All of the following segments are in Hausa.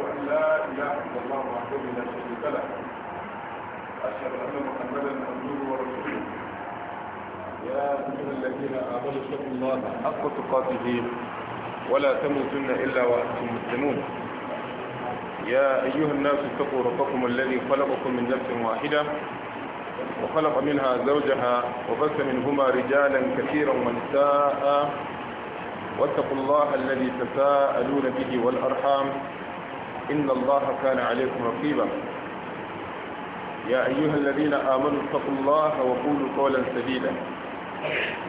واشهد ان لا اله الا الله وحده لا شريك له اشهد ان محمدا عبده ورسوله يا ايها الذين امنوا اتقوا الله حق تقاته ولا تموتن الا وانتم مسلمون يا ايها الناس اتقوا ربكم الذي خلقكم من نفس واحده وخلق منها زوجها وبث منهما رجالا كثيرا ونساء واتقوا الله الذي تساءلون به والأرحام إن الله كان عليكم رقيبا يا أيها الذين آمنوا اتقوا الله وقولوا قولا سديدا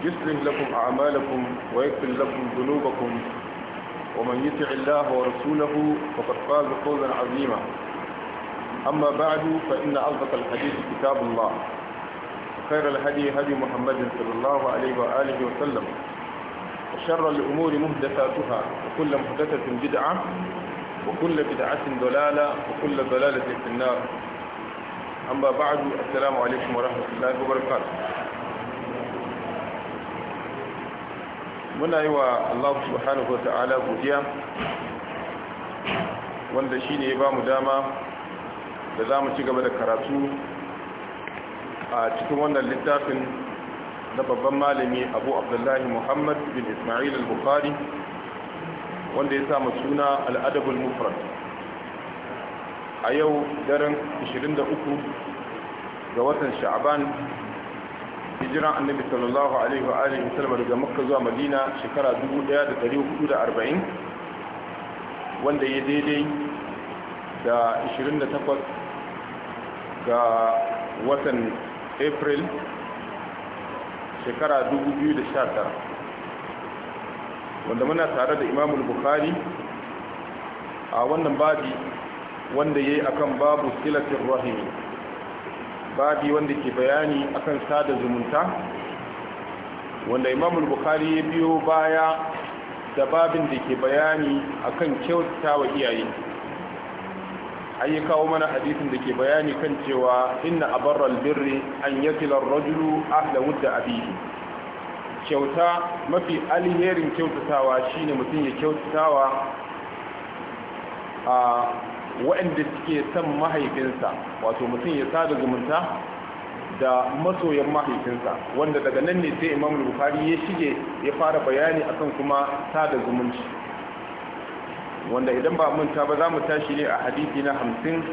يصلح لكم أعمالكم ويغفر لكم ذنوبكم ومن يطع الله ورسوله فقد فاز قولا عظيما أما بعد فإن أصدق الحديث كتاب الله خير الهدي هدي محمد صلى الله عليه وآله وسلم وشر الأمور مهدثاتها وكل مهدثة بدعة وكل بدعة ضلالة وكل ضلالة في النار أما بعد السلام عليكم ورحمة الله وبركاته muna yi wa allahu subhanahu wa ta'ala godiya wanda shi ne ba mu dama da za mu ci gaba da karatu a cikin wannan littafin na babban malami abu abdullahi muhammad bin ismail al-bukhari wanda ya samu suna al'adabul mufrad a yau daren 23 ga watan sha'aban hijiran annabi sallallahu alaihi wa alihi wasallam daga makka zuwa madina shekara 1440 wanda ya daidai da 28 ga watan april shekara 2019 wanda muna tare da imamul bukhari a wannan babi wanda ya yi kan babu silatin rahimi babi wanda ke bayani akan sada zumunta wanda imamul bukhari ya biyo baya da babin da ke bayani akan kyauta wa iyaye an yi kawo mana hadisin da ke bayani kan cewa inna abarral birri an yakila rajulu ahla wudda abihi kyauta mafi alherin kyautatawa shine mutum ya kyautatawa a waɗanda suke son mahaifinsa wato mutum ya sada zumunta da masoyan mahaifinsa wanda daga nan ne sai imam bukhari ya shige ya fara bayani akan kuma sada zumunci wanda idan ba manta ba za mu tashi ne a hadisi na hamsin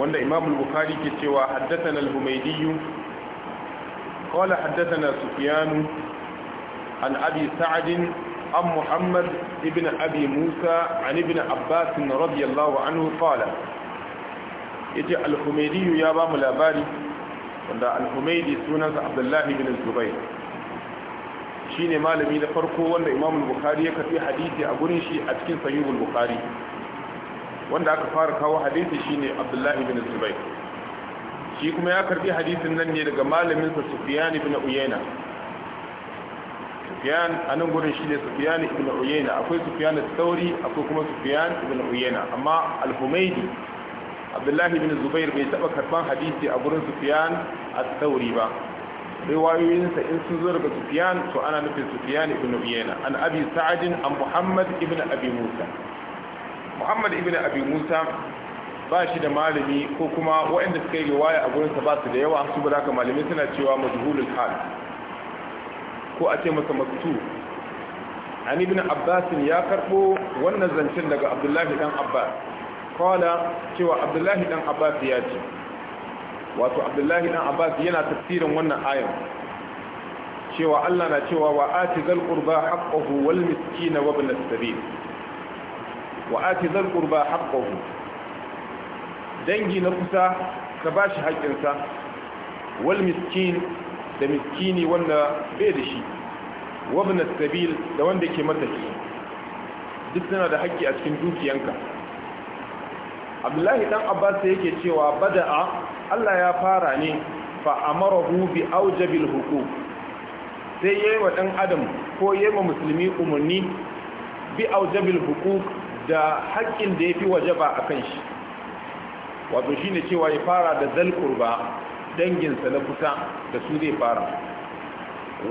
wanda imam bukhari ke cewa haddasa na قال حدثنا سفيان عن أبي سعد عن محمد بن أبي موسى عن ابن عباس رضي الله عنه قال يجي الحميدي يا بام الأباري وعند الحميدي سنة عبد الله بن الزبير shine malami na farko wanda Imam Bukhari ya kafi hadisi a gurin shi a cikin Sahih Bukhari wanda aka fara kawo hadisi shine Abdullah ibn Zubair shi kuma ya karbi hadisin nan ne daga malamin sa Sufyan ibn Uyayna Sufyan anan gurin shi ne Sufyan ibn Uyayna akwai Sufyan al-Thawri akwai kuma Sufyan ibn Uyayna amma al-Humaydi Abdullahi ibn Zubair bai taba karban hadisi a gurin Sufyan al-Thawri ba riwayoyin sa in sun zo daga Sufyan to ana nufin Sufyan ibn Uyayna an Abi sa'adin an Muhammad ibn Abi Musa Muhammad ibn Abi Musa ba shi da malami ko kuma waɗanda suka yi riwaya a gurinsa ba su da yawa su bada ka malamai suna cewa majhulul hal ko a ce masa maktu an ibn abbas ya karbo wannan zancen daga abdullahi dan abbas kala cewa abdullahi dan abbas ya ce wato abdullahi dan abbas yana tafsirin wannan ayan cewa Allah na cewa wa ati zal qurba haqqahu wal miskin wa ibn as-sabil wa ati zal qurba haqqahu dangi na kusa ka ba shi haƙƙinsa wal miskin da miskini wanda bai da shi wabna sabil da wanda ke matafi duk suna da haƙƙi a cikin dukiyanka abdullahi dan abbas yake cewa bada'a Allah ya fara ne fa amarahu bi aujabil huquq sai yayi wa dan adam ko yayi wa musulmi umarni bi aujabil huquq da haƙƙin da yafi wajaba akan shi wato shine cewa ya fara da zalkurba danginsa na kusa da su zai fara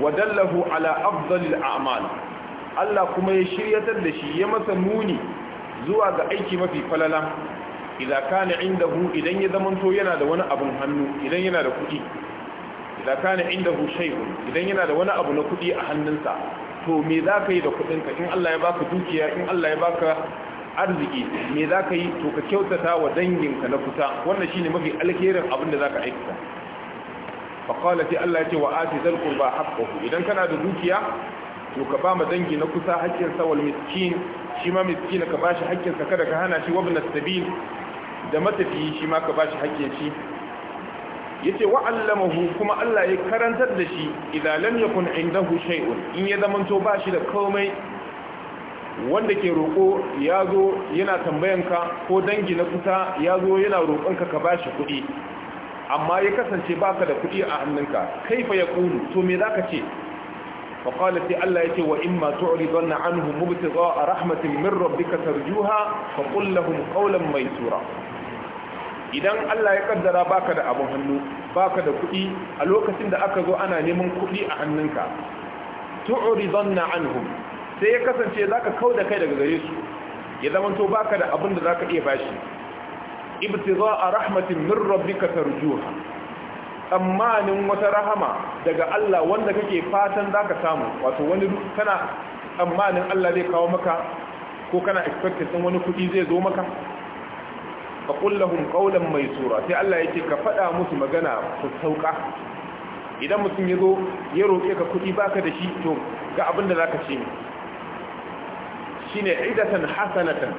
wadallahu ala afdalil a'mal Allah kuma ya shiryatar da shi ya masa nuni zuwa ga aiki mafi falala idza kana indahu idan ya zamanto yana da wani abun hannu idan yana da kuɗi idza kana indahu shay'un idan yana da wani abu na kuɗi a hannunsa to me za ka yi da kuɗinka in Allah ya baka dukiya in Allah ya baka arziki me za ka yi to ka kyautata wa danginka na kusa wannan shine mafi alherin abin da za ka aikata faƙala sai Allah ya ce wa ati zal qurba haqqahu idan kana da dukiya to ka ba ma dangi na kusa haƙƙin sa wal miskin shi ma miskin ka bashi haƙƙin sa kada ka hana shi wabna sabil da matafiyi shi ma ka bashi haƙƙin shi yace wa allamahu kuma Allah ya karantar da shi idan lam yakun indahu shay'un in ya zamanto ba shi da komai wanda ke roƙo ya zo yana tambayanka ko dangi na kusa ya zo yana roƙonka ka ba shi kuɗi amma ya kasance baka da kuɗi a hannunka kaifa ya ƙunu to me za ka ce faƙalar sai Allah ya ce wa in ma tu'ridan na anhu a rahmatin min rabbika tarjuha fa qul lahum mai tura idan Allah ya kaddara baka da abun hannu baka da kuɗi a lokacin da aka zo ana neman kuɗi a hannunka tu'ridan na anhum sai ya kasance za ka kau da kai daga gare su ya zamanto ba ka da abin da za ka iya bashi ibtiza a rahmatin min rabbi, rabbika tarjuha tsammanin wata rahama daga Allah wanda kake fatan za ka samu wato wani kana tsammanin Allah zai kawo maka ko kana expectation wani kuɗi zai zo maka Ka fa kullahum mai maysura sai Allah ya ce ka faɗa musu magana su sauka idan mutum ya zo ya roƙe ka kuɗi baka da shi to ga abin da za zaka ce shine idatan hasanatan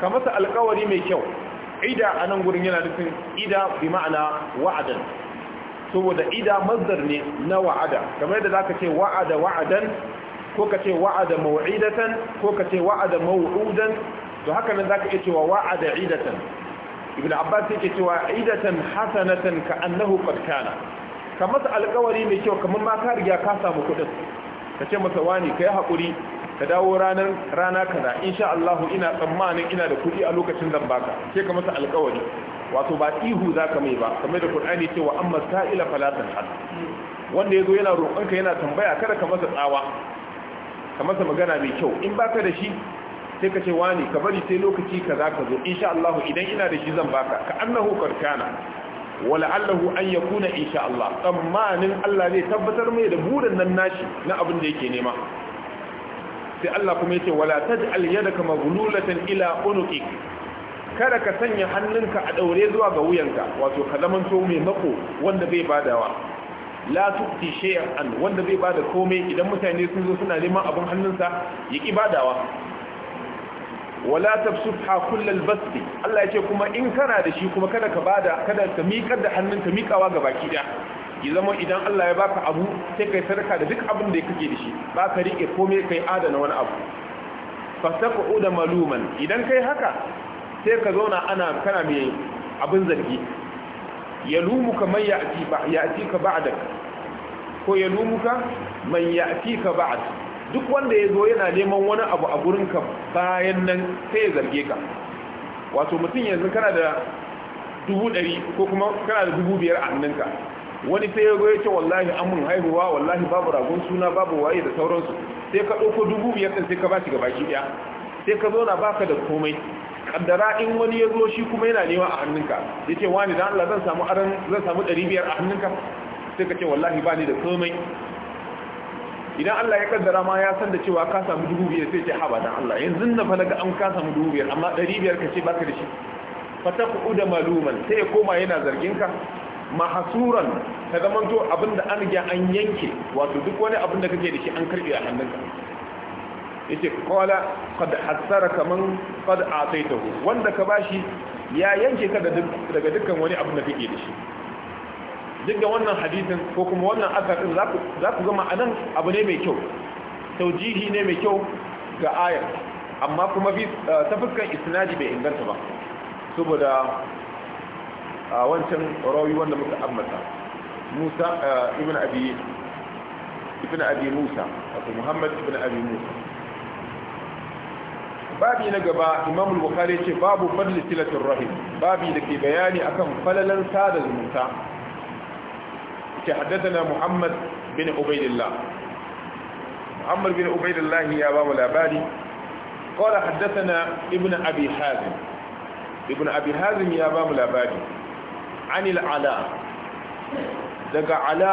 ka masa alkawari mai kyau ida a nan gurin yana nufin ida bi ma'ana wa'adan saboda ida mazdar ne na wa'ada kamar yadda zaka ce wa'ada wa'adan ko ka ce wa'ada maw'idatan ko ka ce wa'ada maw'udan to haka nan zaka iya cewa wa'ada idatan ibn abbas yake cewa idatan hasanatan ka annahu qad kana Kamar masa alkawari mai kyau kamar ma ka riga ka samu kudin ka ce masa wani kai hakuri ka dawo ranar rana kaza insha ina tsammanin ina da kuɗi a lokacin zan baka sai ka masa alƙawari wato ba ihu zaka mai ba kamar da Qur'ani ce wa amma sa'ila fala tanhar wanda yazo yana roƙon ka yana tambaya kada ka masa tsawa ka masa magana mai kyau in baka da shi sai ka ce wani ka bari sai lokaci kaza ka zo insha idan ina da shi zan baka ka annahu karkana wala'allahu an ya kuna insha Allah tsammanin Allah zai tabbatar mai da burin nan nashi na abin da yake nema sai Allah kuma yake wala taj'al yadaka maghlulatan ila unuqik kada ka sanya hannunka a daure zuwa ga wuyanka wato ka to mai mako wanda zai badawa la tuqti shay'an wanda zai bada komai idan mutane sun zo suna neman abun hannunsa ya ki badawa wala tabsuha kullal basti Allah yake kuma in kana da shi kuma kada ka bada kada ka miƙar da hannunka miƙawa ga baki daya ya zama idan Allah ya baka abu sai kai sadaka da duk abin da kake da shi ba ka rike komai kai adana wani abu fasaku da maluman idan kai haka sai ka zauna ana kana mai abin zargi ya lumuka man ya'ti ba ya'ti ka ba'dak ko ya man ya'ti ka ba'd duk wanda ya zo yana neman wani abu a ka bayan nan sai ya zarge ka wato mutum yanzu kana da dubu ɗari ko kuma kana da dubu biyar a hannunka wani sai ya goye ce wallahi an mun haihuwa wallahi babu ragon suna babu waye da sauransu sai ka ɗauko dubu biyar ɗin sai ka ba shi gaba baki ɗaya sai ka zauna baka da komai kaddara in wani ya zo shi kuma yana nema a hannunka ya ce wani dan Allah zan samu aran zan samu ɗari biyar a hannunka sai ka ce wallahi ba ni da komai idan Allah ya kaddara ma ya san da cewa ka samu dubu biyar sai ce haba dan Allah yanzu na fa daga an ka samu dubu biyar amma ɗari biyar ka ce baka da shi fataku da maluman sai ya koma yana zargin ka mahasuran ta zama to abinda an an yanke wato duk wani abin kake da shi an karbe a hannunka yace qala qad hasaraka man qad ataitahu wanda ka bashi ya yanke ka daga dukkan wani abin da kake da shi duk wannan hadisin ko kuma wannan azabin za ku zama anan abu ne mai kyau taujihi ne mai kyau ga ayar amma kuma ta fuskar isnadi bai inganta ba saboda a wancan rawi wanda muka ambata musa ibn abi ibn abi musa wato muhammad ibn abi musa babi na gaba imam al bukhari ce babu fadli silatul rahim babi da ke bayani akan falalan sada zumunta ce haddathana muhammad bin ubaidillah muhammad bin ubaidillah ya ba mu labari قال حدثنا ابن أبي حازم ابن أبي حازم يا بام labari. anil ala daga ala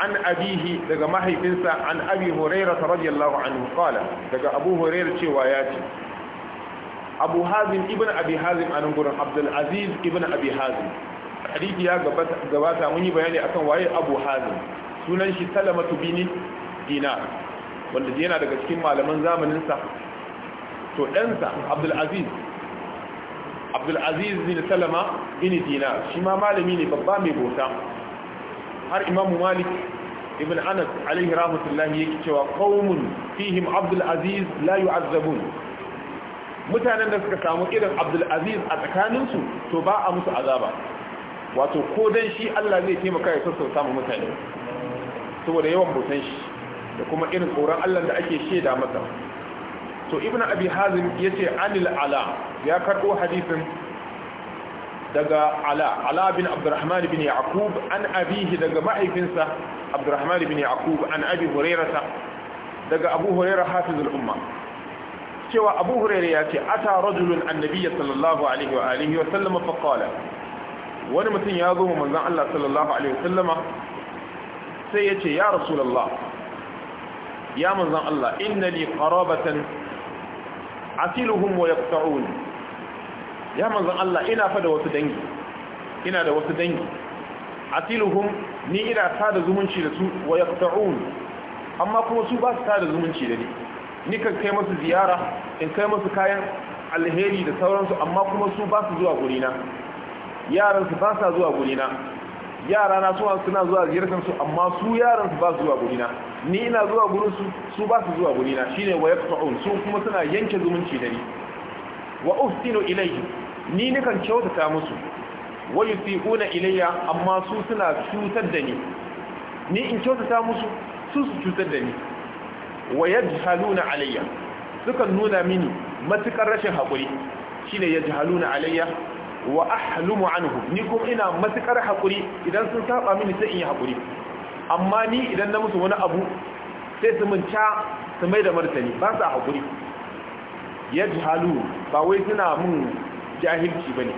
an abihi daga mahaifinsa an abi huraira radiyallahu anhu qala daga abu huraira cewa ya ce abu hazim ibn abi hazim anan gurin abdul aziz ibn abi hazim hadisi ya gabata mun yi bayani akan waye abu hazim sunan shi salamatu bin dinar wanda yana daga cikin malaman zamanin sa to ɗansa abdul aziz Abdulaziz aziz bin salama bin dina, shi ma malami ne babba mai bota har imamu malik ibn anas alaihi rahmatullahi yake cewa qaumun fihim abdul aziz la yu'azzabun mutanen da suka samu irin Abdulaziz aziz a tsakaninsu to ba a musu azaba wato ko dan shi Allah zai taimaka ya sassauta mu mutane saboda yawan botan shi da kuma irin tsoron Allah da ake sheda masa to ibn abi hazim yace anil ala ya karbo hadisin daga ala ala bin abdurrahman bin yaqub an abihi daga mahaifinsa abdurrahman bin yaqub an abi hurairata daga abu hurairah hafizul umma cewa abu hurairah yace ata rajulun annabiyya sallallahu alaihi wa alihi wa sallama fa qala wani mutum ya zo manzon Allah sallallahu alaihi wa sallama sai yace ya rasulullah ya manzon Allah inna li qarabatan asiluhum wa yaqta'un ya manzon Allah ina fa da wasu dangi ina da wasu dangi asiluhum ni ina sada zumunci da su wa yaqta'un amma kuma su ba su sada zumunci da ni ni kan kai musu ziyara in kai musu kayan alheri da sauransu amma kuma su ba su zuwa gurina yaran su ba sa zuwa gurina yara na suna suna zuwa ziyartar su amma su yaran su ba su zuwa gurina ni ina zuwa gurin su su ba su zuwa gurina shine wa yaqta'un su kuma suna yanke zumunci da ni wa ufsinu ilayhi ni nikan kyautata musu wa yusiquna ilayya amma su suna cutar da ni ni in kyautata musu su su cutar da ni wa yajhaluna alayya sukan nuna mini matukar rashin hakuri shine yajhaluna alayya wa ahlumu anhu ni kuma ina matukar hakuri idan sun saba mini sai in yi hakuri amma ni idan na musu wani abu sai su ca su mai da martani ba su hakuri yajhalu ba wai suna mun jahilci bane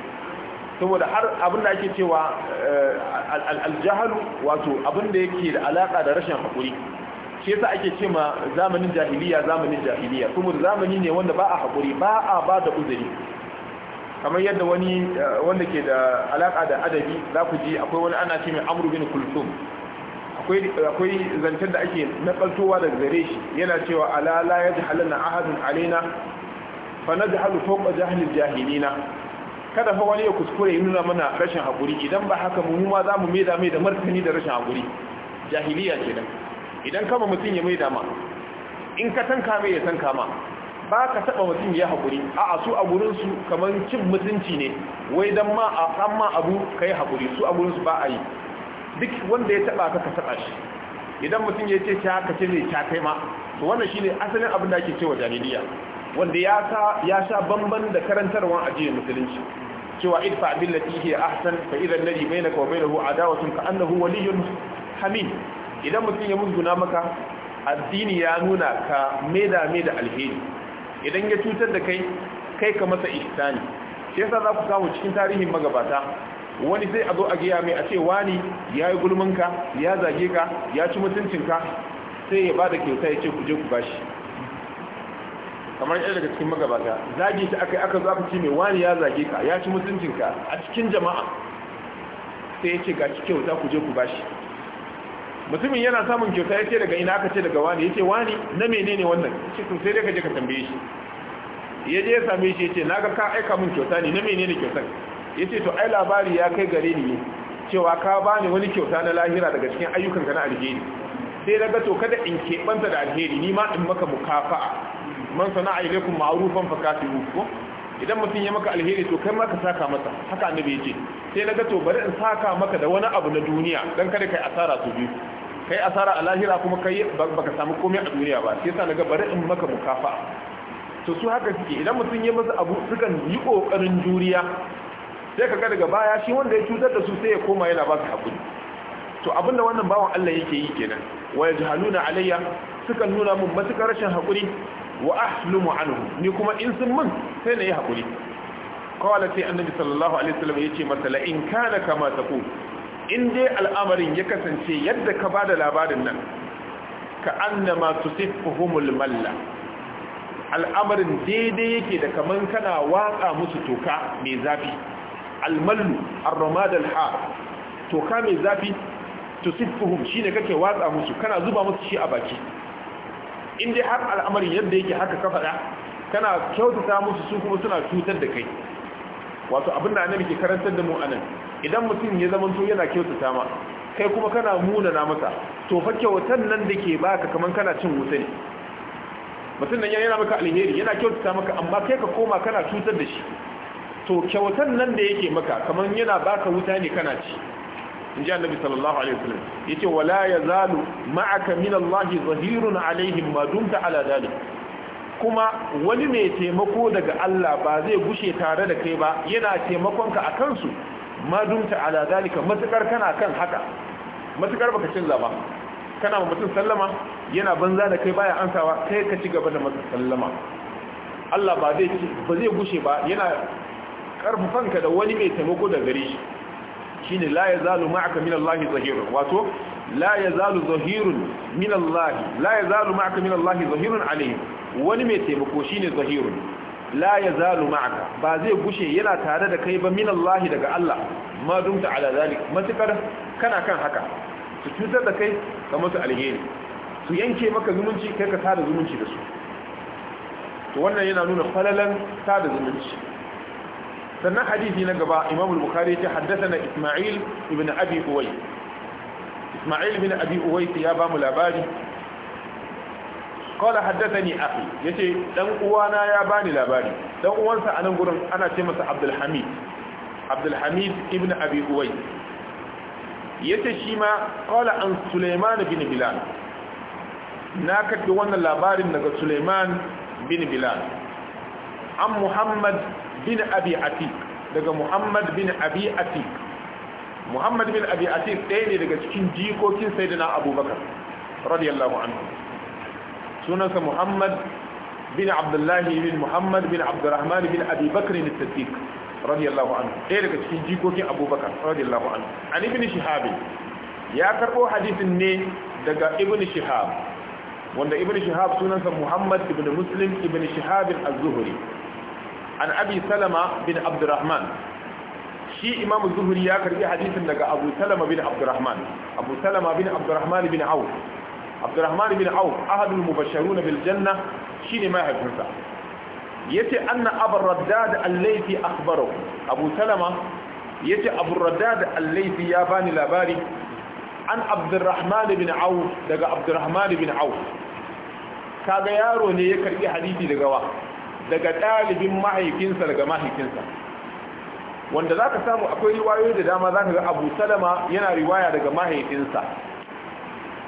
saboda har abin da ake cewa eh, aljahalu wato abin da yake da alaka da rashin hakuri shi yasa ake ce ma zamanin jahiliya zamanin jahiliya kuma zamani ne wanda ba a hakuri ba a ba da uzuri kamar yadda wani eh, wanda ke da alaka da adabi za ku ji akwai wani ana ce mai amuru bin kulsum akwai zancen da ake nakaltowa daga gare shi yana cewa ala na yajhalanna ahadun alaina fa najhalu fawqa jahilin jahilina kada fa wani ya kuskure ya nuna mana rashin haƙuri idan ba haka mu ma za mu maida mai da martani da rashin haƙuri jahiliya ke nan idan kama mutum ya maida ma in ka tanka mai ya tanka ma ba ka taɓa mutum ya haƙuri a a su a gurinsu kamar cin mutunci ne wai don ma a amma abu ka yi haƙuri su a gurinsu ba a yi duk wanda ya taba ka ka taɓa shi idan mutum ya ce ta ka ce zai ta kai ma to wannan shine asalin abin da ake cewa jahiliya wanda ya sa sha bamban da karantarwa addinin musulunci cewa idfa billati hi ahsan fa idan alladhi bainaka wa bainahu adawatun ka annahu waliyyun hamid idan mutum ya musguna maka addini ya nuna ka meda meda alheri idan ya cutar da kai kai ka masa ihsani shi yasa za ku samu cikin tarihin magabata wani sai a zo a giya mai a ce wani ya yi ka, ya zage ka ya ci mutuncinka sai ya bada kyauta ya ce ku je ku bashi kamar yadda daga cikin magabata zage shi aka aka zo aka ce mai wani ya zage ka ya ci mutuncinka a cikin jama'a sai ya ce ga ci kyauta ku je ku bashi mutumin yana samun kyauta ya ce daga ina aka ce daga wani ya ce wani na menene wannan shi to sai dai ka je ka tambaye shi ya je ya same shi ya ce na ga ka aika min kyauta ne na menene kyautar ya ce to ai labari ya kai gare ni cewa ka bani wani kyauta na lahira daga cikin ayyukan ka na alheri sai daga to kada in keɓanta da alheri ni ma in maka mukafa'a man sana'a ilaikum ma'rufan fa kafiru ko idan mutum ya maka alheri to kai ma ka saka masa haka annabi ya ce sai daga to bari in saka maka da wani abu na duniya dan kada kai asara su biyu kai asara a lahira kuma kai baka samu komai a duniya ba sai sa naga bari in maka mukafa to su haka suke idan mutum ya masa abu sukan yi kokarin juriya sai ga daga baya shi wanda ya cutar da su sai ya koma yana ba su hakuri to abinda wannan bawan Allah yake yi kenan wa yajhaluna alayya sukan nuna mun matukar rashin hakuri wa ahlumu anhu ni kuma in sun mun sai na yi hakuri qala sai annabi sallallahu alaihi wasallam yace masa la in kana kama taqul in dai al'amarin ya kasance yadda ka bada labarin nan ka annama tusifuhumul malla al'amarin daidai yake da kaman kana watsa musu toka mai zafi almallu arramad alhar toka mai zafi tusifuhum shine kake watsa musu kana zuba musu shi a baki in dai har al'amarin yadda yake haka ka faɗa kana kyautata musu su kuma suna cutar da kai wato abin da annabi ke karantar da mu anan idan mutum ya zama to yana kyautata ma kai kuma kana munana masa to fa kyautar nan da ke baka kaman kana cin wuta ne mutum nan yana maka alheri yana kyautata maka amma kai ka koma kana cutar da shi to kyautar nan da yake maka kaman yana baka wuta ne kana ci in ji annabi sallallahu alaihi wasallam yace wala yazalu ma'aka min Allah zahirun alaihim ma dumta ala dalik kuma wani mai taimako daga Allah ba zai gushe tare da kai ba yana taimakonka a kansu madumta ala zalika matukar kana kan haka matukar baka canza ba kana ma mutum sallama yana banza da kai baya ansawa kai ka ci gaba da masa sallama Allah ba zai ba zai gushe ba yana ƙarfafanka da wani mai taimako da gare shi shine la yazalu ma'aka min Allah zahirun wato la yazalu zahirun min Allah la yazalu ma'aka min Allah zahirun alayhi wani mai taimako shine zahirun la yazalu ma'aka ba zai gushe yana tare da kai ba min Allah daga Allah ma dumta ala zalik matukar kana kan haka su cutar da kai kamar su alheri su yanke maka zumunci kai ka tada zumunci da su to wannan yana nuna falalan tada zumunci sannan hadisi na gaba imam al-bukhari ya haddasa na isma'il ibn abi uwai isma'il ibn abi uwai ya ba mu labari kawai haddasa ni afi ya ce dan uwana ya bani labari dan uwansa a nan gurin ana ce masa abdulhamid abdulhamid ibn abi uwai ya ce shi ma kawai an suleiman bin bilal na karbi wannan labarin daga suleiman bin bilal an muhammad bin abi atiq daga muhammad bin abi atiq muhammad bin abi atiq ɗaya ne daga cikin jikokin sayyidina abubakar radiyallahu anhu sunansa muhammad bin abdullahi bin muhammad bin abdurrahman bin abi bakr bin siddiq radiyallahu anhu ɗaya daga cikin jikokin abubakar radiyallahu anhu an ibn shihab ya karbo hadisin ne daga ibn shihab wanda ibn shihab sunansa muhammad ibn muslim ibn shihab az-zuhri an abi salama bin abdurrahman shi imamu zuhuri ya karbi hadisin daga abu salama bin abdurrahman abu salama bin abdurrahman bin auf abdurrahman bin auf ahadul mubashirun bil janna shine mahaifinsa yace anna abu raddad al-laythi akhbarahu abu salama yace abu raddad al-laythi ya bani labari an abdurrahman bin auf daga abdurrahman bin auf kaga yaro ne ya karbi hadisi daga wa daga ɗalibin mahaifinsa daga mahaifinsa wanda za ka samu akwai riwayoyi da dama za ka ga abu salama yana riwaya daga mahaifinsa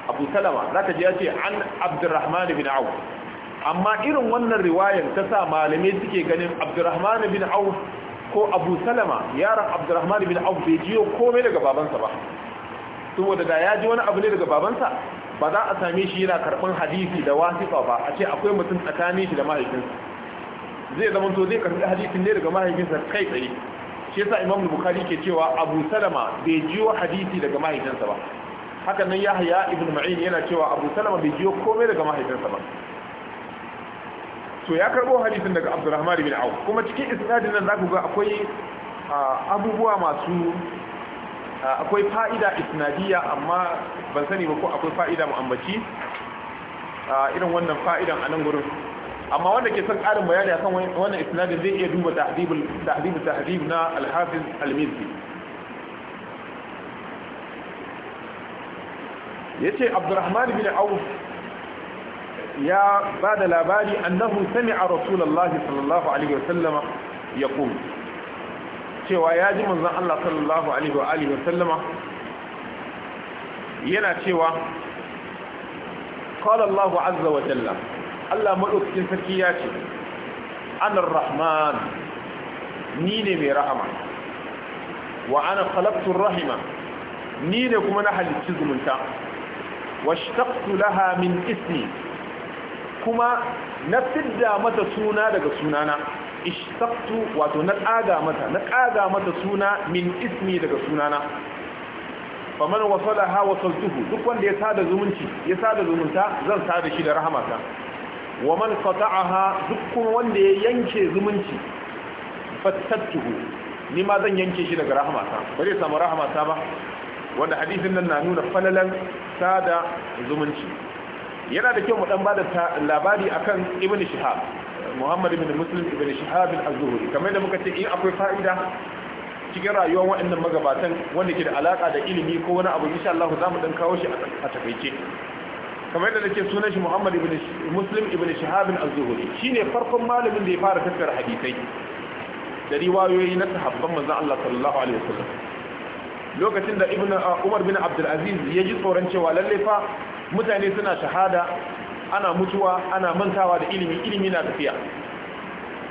abu salama za ka ji ya ce an abdurrahman bin auf amma irin wannan riwayar ta sa malamai suke ganin abdurrahman bin auf ko abu salama yaron abdurrahman bin auf bai jiyo komai daga babansa ba saboda da ya ji wani abu ne daga babansa ba za a same shi yana karɓar hadisi da wasifa ba a ce akwai mutum tsakanin shi da mahaifinsa zai zama to zai karbi hadisin ne daga mahaifinsa kai tsaye shi yasa imam bukhari ke cewa abu salama bai jiyo hadisi daga mahaifinsa ba haka nan yahya ibn ma'in yana cewa abu salama bai jiyo komai daga mahaifinsa ba to ya karbo hadisin daga abdurrahman bin auf kuma cikin isnadin nan zaku ga akwai abubuwa masu akwai fa'ida isnadiyya amma ban sani ba ko akwai fa'ida mu ambaci irin wannan fa'idan a nan gurin amma wanda ke son ƙarin bayani akan wannan isnadin zai iya duba tahdibul tahdibul tahdib na al-hafiz al-mizzi yace Abdurrahman bin Auf ya bada labari annahu sami'a Rasulullah sallallahu alaihi wasallama yaqul cewa ya ji manzon Allah sallallahu alaihi wa alihi wasallama yana cewa qala Allah azza wa jalla Allah maɗaukakin sarki ya ce anar rahman ni ne mai rahama wa ana rahima ni ne kuma na halicci zumunta washtaqtu laha min ismi kuma na fidda mata suna daga sunana ishtaqtu wato na kaga mata na mata suna min ismi daga sunana faman wasalaha wasaltuhu duk wanda ya sada zumunci ya sada zumunta zan sada shi da rahamata wa man qata'aha dukkan wanda ya yanke zumunci fattattuhu ni ma zan yanke shi daga rahmata ba zai samu rahmata ba wanda hadisin nan na nuna falalan sada zumunci yana da kyau mu dan bada labari akan ibn shihab muhammad ibn muslim ibn shihab az-zuhri kamar da muka ce in akwai fa'ida cikin rayuwar waɗannan magabatan wanda ke da alaka da ilimi ko wani abu insha Allah za mu dan kawo shi a takaice kamar da nake sunan shi Muhammad ibn Muslim ibn Shihab al zuhri shine farkon malamin da ya fara tattara hadisai da riwayoyi na sahabban manzo Allah sallallahu alaihi wasallam lokacin da ibn uh, Umar bin Abdul Aziz ya ji tsoron cewa lalle fa mutane suna shahada ana mutuwa ana mantawa da ilimi ilimi na tafiya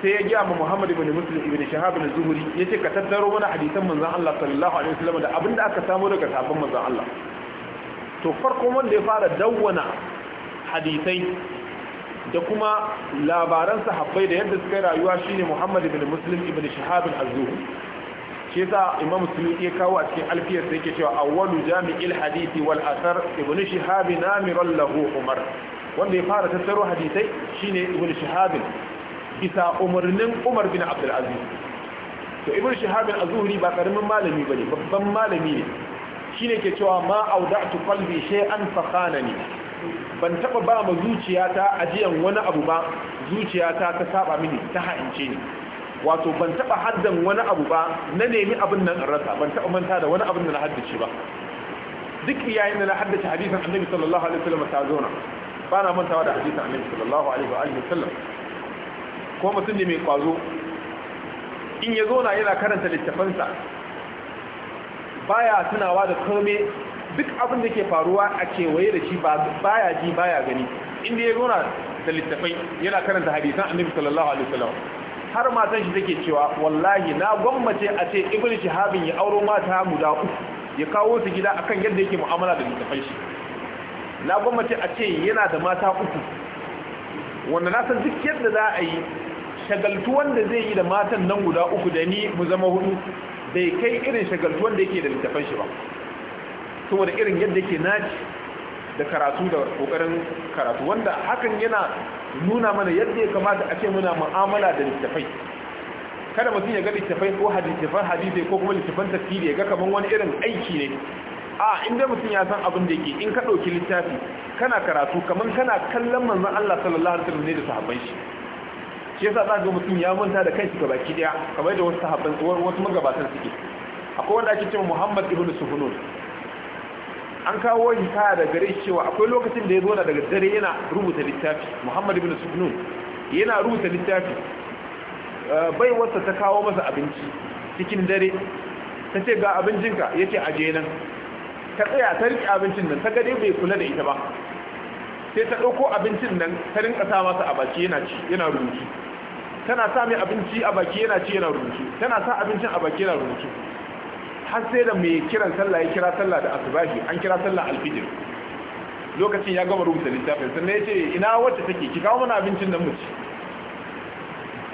sai ya ga mu Muhammad ibn Muslim ibn Shihab al zuhri yace ka tattaro mana hadisan manzo Allah sallallahu alaihi wasallam da abinda aka samu daga sahabban manzo Allah to farko wanda ya fara dawwana hadisai da kuma labaran sahabbai da yadda suka rayuwa shine Muhammad ibn Muslim ibn Shahab al zuhri shi yasa Imam Muslim ya kawo a cikin alfiyar sa yake cewa awwalu jami'il hadisi wal athar ibn Shahab namir lahu Umar wanda ya fara tattaro hadisai shine ibn Shahab bisa umarnin Umar bin Abdul Aziz to ibn Shahab al zuhri ba karamin malami bane babban malami ne shine ke cewa ma auda'tu qalbi shay'an fakhanani ban taba ba ma zuciyata ajiyan wani abu ba zuciyata ta saba mini ta haince ni wato ban taba haddan wani abu ba na nemi abin nan in rasa ban taba manta da wani abin da na haddace ba duk iyayen da na haddace hadisin annabi sallallahu alaihi wasallam ta zo na ba na mantawa da hadisin annabi sallallahu alaihi wasallam ko mutum ne mai kwazo in ya zo na yana karanta littafansa baya tunawa da kome duk abin da ke faruwa a kewaye da shi baya ji baya gani inda ya zauna da littafai yana karanta hadisan annabi sallallahu alaihi wasallam har matan shi take cewa wallahi na gwammace a ce ibnu shihabin ya auro mata guda uku ya kawo su gida akan yadda yake mu'amala da littafai shi na gwammace a ce yana da mata uku wanda na san duk yadda za a yi shagaltuwan da zai yi da matan nan guda uku da ni mu zama hudu bai kai irin shagaltuwan da yake da littafan shi ba saboda irin yadda yake naci da karatu da kokarin karatu wanda hakan yana nuna mana yadda ya kamata a ce muna mu'amala da littafai kada mutum ya ga littafai ko hadisifan hadisai ko kuma littafan tafsiri ya ga kaman wani irin aiki ne a inda mutum ya san abin da yake in ka ɗauki littafi kana karatu kamar kana kallon manzon Allah sallallahu alaihi wasallam ne da sahabban shi shi yasa za ga mutum ya manta da kansa ga baki daya kamar yadda wasu sahabban tsuwar wasu magabatan suke akwai wanda ake cewa muhammad ibn suhunun an kawo hikaya da gare cewa akwai lokacin da ya zo na daga dare yana rubuta littafi muhammad ibn suhunun yana rubuta littafi eh, bai wasa ta kawo masa abinci cikin dare ta ce ga abincinka ya ce aje nan ta tsaya ta riƙe abincin nan ta gade bai kula da ita ba sai ta ɗauko abincin nan ta rinka sa masa a baki yana ci yana rubuci tana sa mai abinci a baki yana ci yana rubutu tana sa abincin a baki yana rubutu har sai da mai kiran sallah ya kira sallah da asubahi an kira sallah alfijir lokacin ya gama rubuta littafin sannan ya ce ina wacce take ki kawo mana abincin nan muci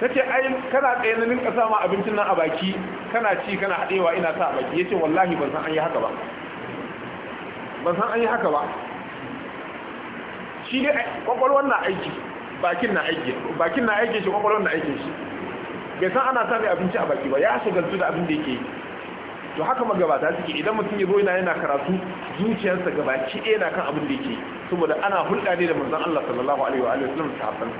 ta ce ai kana tsaye na ninka sama abincin nan a baki kana ci kana haɗewa ina sa a baki ya ce wallahi ban san an yi haka ba ban san an yi haka ba shi ne kwakwalwar na aiki bakin na aiki bakin na aiki shi kwakwalon na aiki shi bai san ana sami abinci a baki ba ya shagaltu da abin da yake yi to haka magabata suke idan mutum ya zo yana yana karatu zuciyarsa gabaki ɗaya na kan abin da yake saboda ana hulɗa ne da manzan Allah sallallahu alaihi wa alihi wasallam sahabban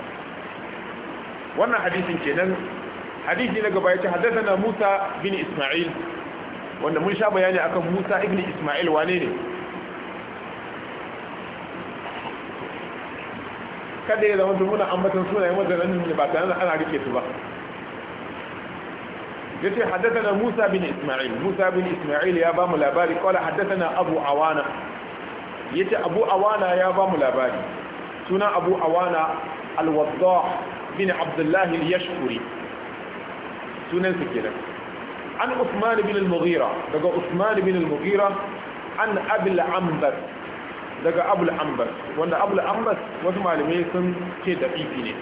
wannan hadisin kenan hadisi na gaba haddasa na Musa bin Isma'il wanda mun sha bayani akan Musa ibn Isma'il wane ne kada ya zama muna ambatan sunayen wadannan ne ba tare da ana rike su ba yace haddathana Musa bin Isma'il Musa bin Isma'il ya ba mu labari qala haddathana Abu Awana yace Abu Awana ya ba mu labari suna Abu Awana al-Waddah bin Abdullah al-Yashkuri sunan sa kenan an Uthman bin al-Mughira daga Uthman bin al-Mughira an Abi al-Anbas daga abul ambas wanda abul ambas wasu malamai sun ce da fifi ne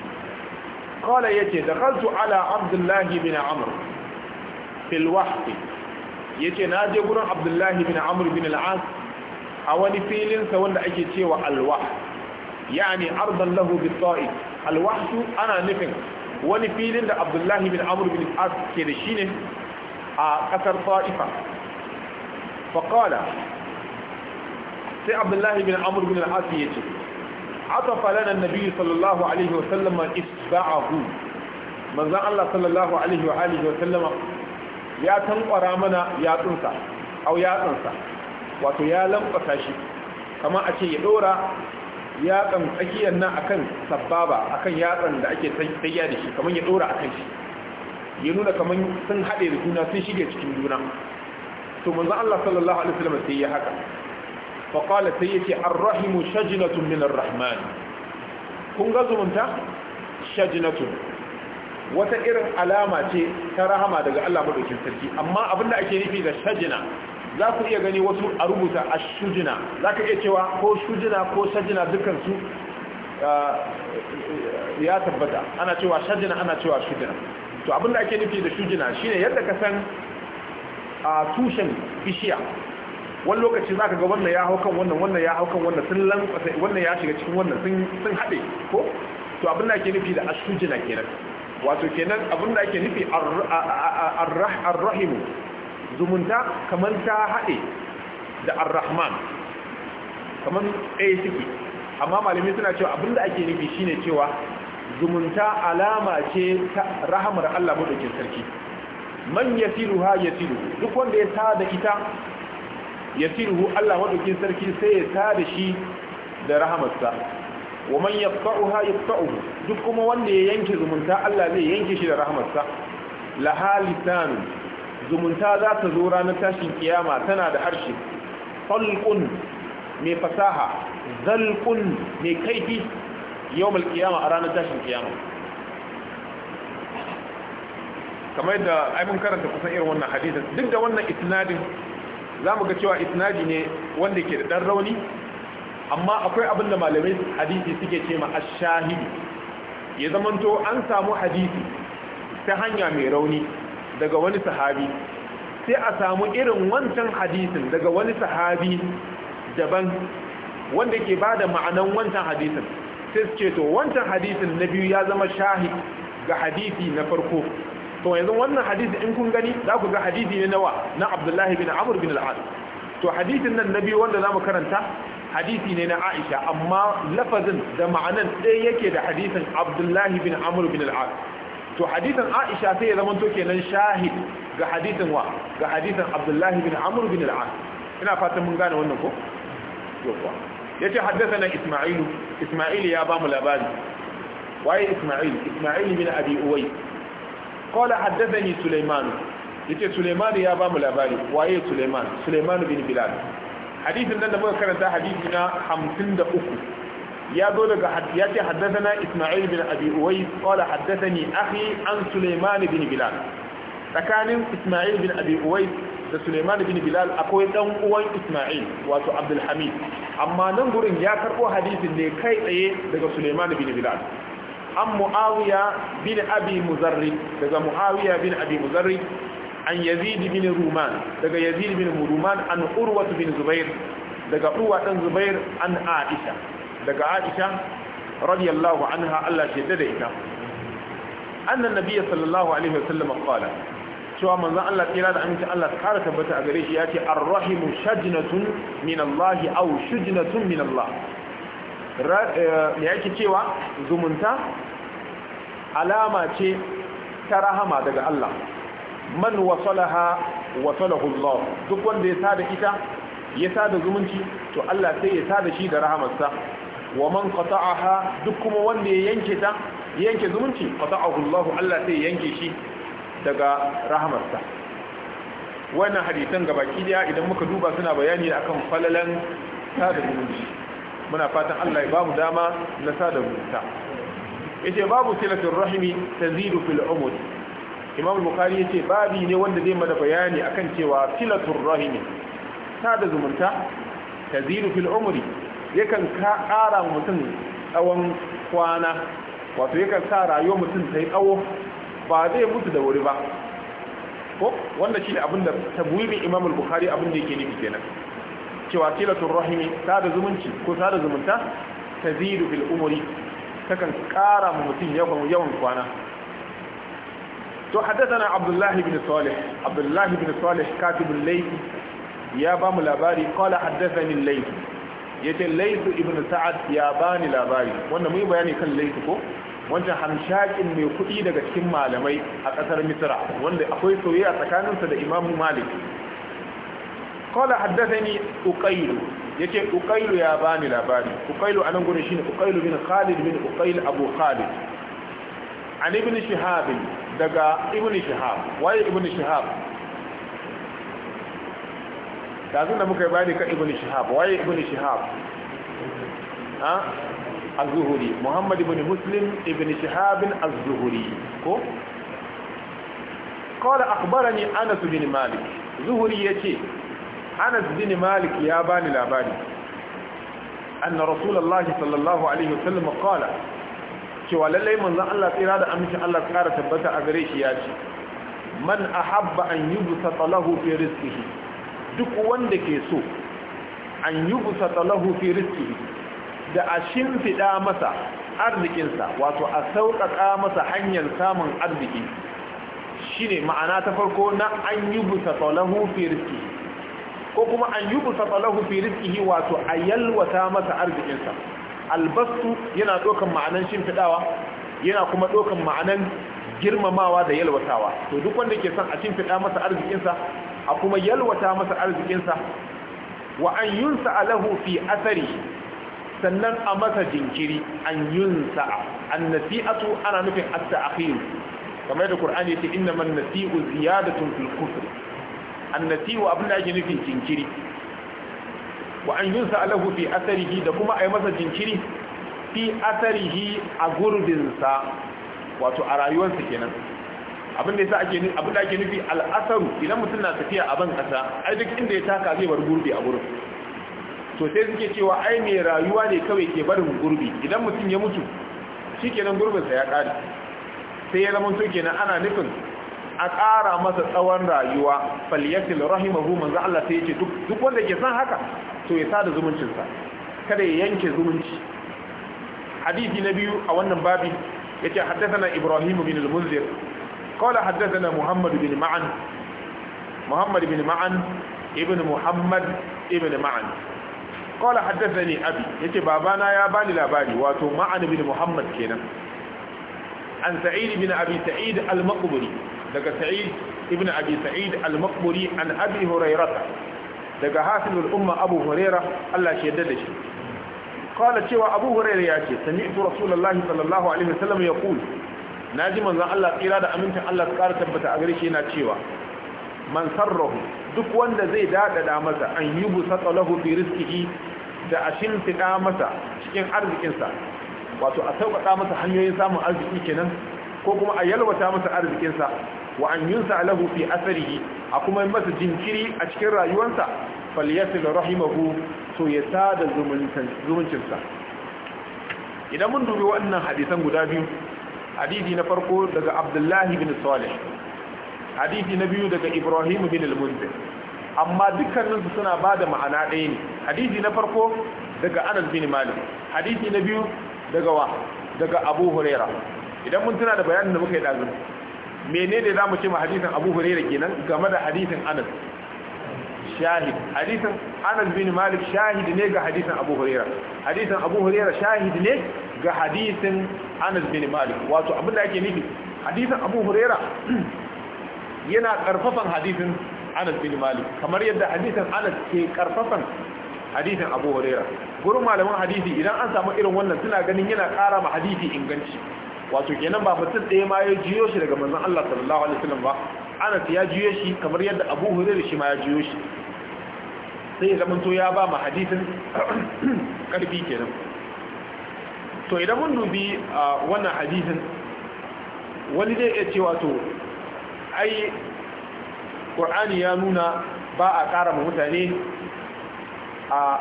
kawai ya ce da kansu ala abdullahi bin amur filwahti ya ce na je gurin abdullahi bin amur bin al'as a wani filinsa wanda ake cewa alwah yani ardan lahu bi ta'id alwahtu ana nufin wani filin da abdullahi bin amur bin al'as ke da shi ne a ƙasar ta'ifa faƙala sai abdullahi bin amur bin al'asi ya ce atafa lana nabi sallallahu alaihi wa sallama isba'ahu manzon Allah sallallahu alaihi wa alihi wa sallama ya tankwara mana yatsunsa au yatsunsa wato ya lankwasa shi kamar a ce ya dora yatsan tsakiyar nan akan sababa akan yatsan da ake tsayya da shi kamar ya dora akan shi ya nuna kamar sun haɗe da juna sun shige cikin juna to manzo Allah sallallahu alaihi wa wasallam sai ya haka faƙala sai yake arrahimu shajinatun minar rahmani. kun ga zumunta shajinatun wata irin alama ce ta rahama daga Allah madaukin sarki amma abinda ake nufi da shajina za ku iya gani wasu a rubuta a shujina. za ka iya cewa ko shujina ko shajina dukansu ya tabbata ana cewa shajina ana cewa shujina to abinda ake nufi da shujina shine yadda ka san a tushen bishiya wani lokaci za ka ga wannan ya hau kan wannan wannan ya hau kan wannan sun lankwasa wannan ya shiga cikin wannan sun haɗe ko to abin da ake nufi da asujina kenan wato kenan abin da ake nufi arrahimu zumunta kamar ta haɗe da arrahman kamar ɗaya suke amma malamai suna cewa abin da ake nufi shine cewa zumunta alama ce ta rahamar Allah maɗaukin sarki man yasiru ha yasiru duk wanda ya sa da ita yasiruhu Allah madaukin sarki sai ya tada shi da rahamarsa wa man yaqta'uha yaqta'uhu duk kuma wanda ya yanke zumunta Allah zai yanke shi da rahamarsa la halitan zumunta za ta zo ranar tashin kiyama tana da harshe falqun mai fasaha zalqun mai kaifi yawmal kiyama a ranar tashin kiyama kamar da ai mun karanta kusan irin wannan hadisin duk da wannan isnadin za mu ga cewa isnadi ne wanda ke da ɗan rauni amma akwai abin da malamai hadisi suke ce ma ashahidu ya zamanto an samu hadisi ta hanya mai rauni daga wani sahabi sai a samu irin wancan hadisin daga wani sahabi daban wanda ke ba da ma'anan wancan hadisin sai su to wancan hadisin na biyu ya zama shahid ga hadisi na farko to yanzu wannan hadisi in kun gani za ku ga hadisi ne nawa na abdullahi bin amur bin al to hadisin nan na biyu wanda za mu karanta hadisi ne na aisha amma lafazin da ma'anan ɗaya yake da hadisin abdullahi bin amur bin al to hadisin aisha sai ya zama to kenan shahid ga hadisin wa ga hadisin abdullahi bin amur bin al ina fatan mun gane wannan ko yawa yace haddathana isma'ilu isma'il ya ba mu labari waye isma'il isma'il bin abi uwais qala haddathani sulaiman yace sulaiman ya ba labari waye sulaiman sulaiman bin bilal hadisin nan da muka karanta hadisi na 53 ya zo daga ya ce haddathana isma'il bin abi uwais qala haddathani akhi an sulaiman bin bilal tsakanin isma'il bin abi uwais da Suleiman bin Bilal akwai dan uwan Ismail wato Abdul Hamid amma nan gurin ya karbo hadisin ne kai tsaye daga Suleiman bin Bilal an muawiya bin abi muzarri daga muawiya bin abi muzarri an yazid bin ruman daga yazid bin ruman an urwatu bin zubair daga urwa dan zubair an aisha daga aisha radiyallahu anha Allah shaidda da ita annan nabiyyi sallallahu alaihi wasallam qala cewa manzon Allah tsira da aminci Allah kara tabbata a gare shi ya ce arrahimu shajnatun min Allah aw shujnatun min Allah eh, me yake cewa zumunta alama ce ta rahama daga Allah man wasalaha wasalahu Allah duk wanda ya sada ita ya sada zumunci to Allah sai ya sada shi da rahamarsa wa man qata'aha duk kuma wanda ya yanke ta yanke zumunci qata'ahu Allah Allah sai ya yanke shi daga rahamarsa wannan hadisan gabaki daya idan muka duba suna bayani akan falalan sada zumunci muna fatan Allah ya ba mu dama na sada zumunta yace babu silatul rahimi tazidu fil umr imam bukhari yace babi ne wanda zai mana bayani akan cewa silatul rahimi da zumunta tazidu fil umri yakan kara mutum tsawon kwana wato yakan sa rayuwar mutum ta yi tsawo ba zai mutu da wuri ba ko wanda shi ne abin da imam bukhari abin da yake nufi kenan cewa tilatul rahimi da zumunci ko da zumunta tazidu fil umuri takan ƙara wa mutum yawan kwana to haddathana abdullahi ibn salih abdullah ibn salih katibul layth ya ba mu labari qala haddathani layth yace layth ibn sa'ad ya bani labari wannan mu yi bayani kan layth ko wancan hamshakin mai kuɗi daga cikin malamai a ƙasar misra wanda akwai soyayya tsakaninsa da imamu malik qala haddathani uqayl yake ukailu ya bani labari ukailu anan gurin shine ukailu bin khalid bin ukail abu khalid an ibn shihab daga ibn shihab waye ibn shihab dazun da muka yi bani ka ibn shihab waye ibn shihab ha az-zuhri muhammad ibn muslim ibn shihab az-zuhri ko قال أخبرني أنس بن مالك زهري يتي anas bin malik ya bani labari anna rasulullahi sallallahu alaihi wasallam qala cewa lallai manzon Allah tsira da amince Allah tsara tabbata a gare shi ya man ahabba an yubsata lahu fi rizqihi duk wanda ke so an yubsata lahu fi rizqihi da a shimfida masa arzikinsa wato a sauƙaƙa masa hanyar samun arziki shine ma'ana ta farko na an yubsata lahu fi rizqihi ko kuma an yi busa lahu fi wato a yalwata masa arzikinsa albastu yana dokan ma'anan shimfidawa yana kuma dokan ma'anan girmamawa da yalwatawa to duk wanda ke son a shimfiɗa masa arzikinsa a kuma yalwata masa arzikinsa wa an yunsa lahu fi athari sannan a masa jinkiri an yunsa an ana nufin at-ta'khir kamar da Qur'ani yace innaman nasi'u ziyadatun fil kufr wa abin da ake nufin jinkiri wa an yunsa alahu fi asarihi da kuma a yi masa jinkiri fi asarihi a gurbinsa wato a rayuwarsa kenan abin da ake abin da ake nufi al'asaru idan mutum na tafiya a ban kasa ai duk inda ya taka zai bar gurbi a gurin to sai suke cewa ai mai rayuwa ne kawai ke barin gurbi idan mutum ya mutu shi kenan gurbinsa ya kare sai ya zama to kenan ana nufin a ƙara masa tsawon rayuwa falyatil rahimahu manzo Allah sai yace duk duk wanda ke san haka to ya sada zumuncin sa kada ya yanke zumunci hadisi na biyu a wannan babi yace haddathana Ibrahim bin al-Munzir qala haddathana Muhammad bin Ma'an Muhammad bin Ma'an ibn Muhammad ibn Ma'an qala haddathani abi yace babana ya bani labari wato Ma'an bin Muhammad kenan an Sa'id bin Abi Sa'id al-Maqburi daga sa'id ibn abi sa'id al-maqburi an abi hurairata daga hasilul umma abu huraira Allah shi yadda da shi qala cewa abu huraira ya ce sami'tu rasulullahi sallallahu alaihi wasallam yaqul naji manzon Allah tsira da amincin Allah su ƙara tabbata a gare shi yana cewa man sarrahu duk wanda zai dadada masa an yubu satalahu rizqihi da a shimfiɗa masa cikin arzikinsa wato a sauƙaƙa masa hanyoyin samun arziki kenan ko kuma a yalwata masa arzikinsa wa an yunsa lahu fi asarihi a kuma masa jinkiri a cikin rayuwarsa falyasil rahimahu to ya zumuncinsa idan mun dubi wannan hadisan guda biyu hadisi na farko daga abdullahi bin salih hadisi na biyu daga ibrahim bin al-munzir amma dukkaninsu suna ba da ma'ana ɗaya ne hadisi na farko daga anas bin malik hadisi na biyu daga wa daga abu hurairah idan mun tuna da bayanin da muka yi dazu menene za mu ce ma hadisin abu Hurairah kenan game da hadisin anas shahid hadisin anas bin malik shahid ne ga hadisin abu Hurairah hadisin abu Hurairah shahid ne ga hadisin anas bin malik wato abin da ake nufi hadisin abu Hurairah yana karfafan hadisin anas bin malik kamar yadda hadisin anas ke karfafan hadisin abu Hurairah gurin malaman hadisi idan an samu irin wannan suna ganin yana ƙara ma hadisi inganci wato kenan ba mutum ɗaya ma ya jiyo shi daga manzon Allah sallallahu alaihi wasallam ba Anas ya jiyo shi kamar yadda Abu Hurairah shi ma ya jiyo shi sai ya to ya ba mu hadisin karfi kenan to idan mun dubi wannan hadisin wani zai iya cewa to ai ƙur'ani ya nuna ba a ƙara mutane a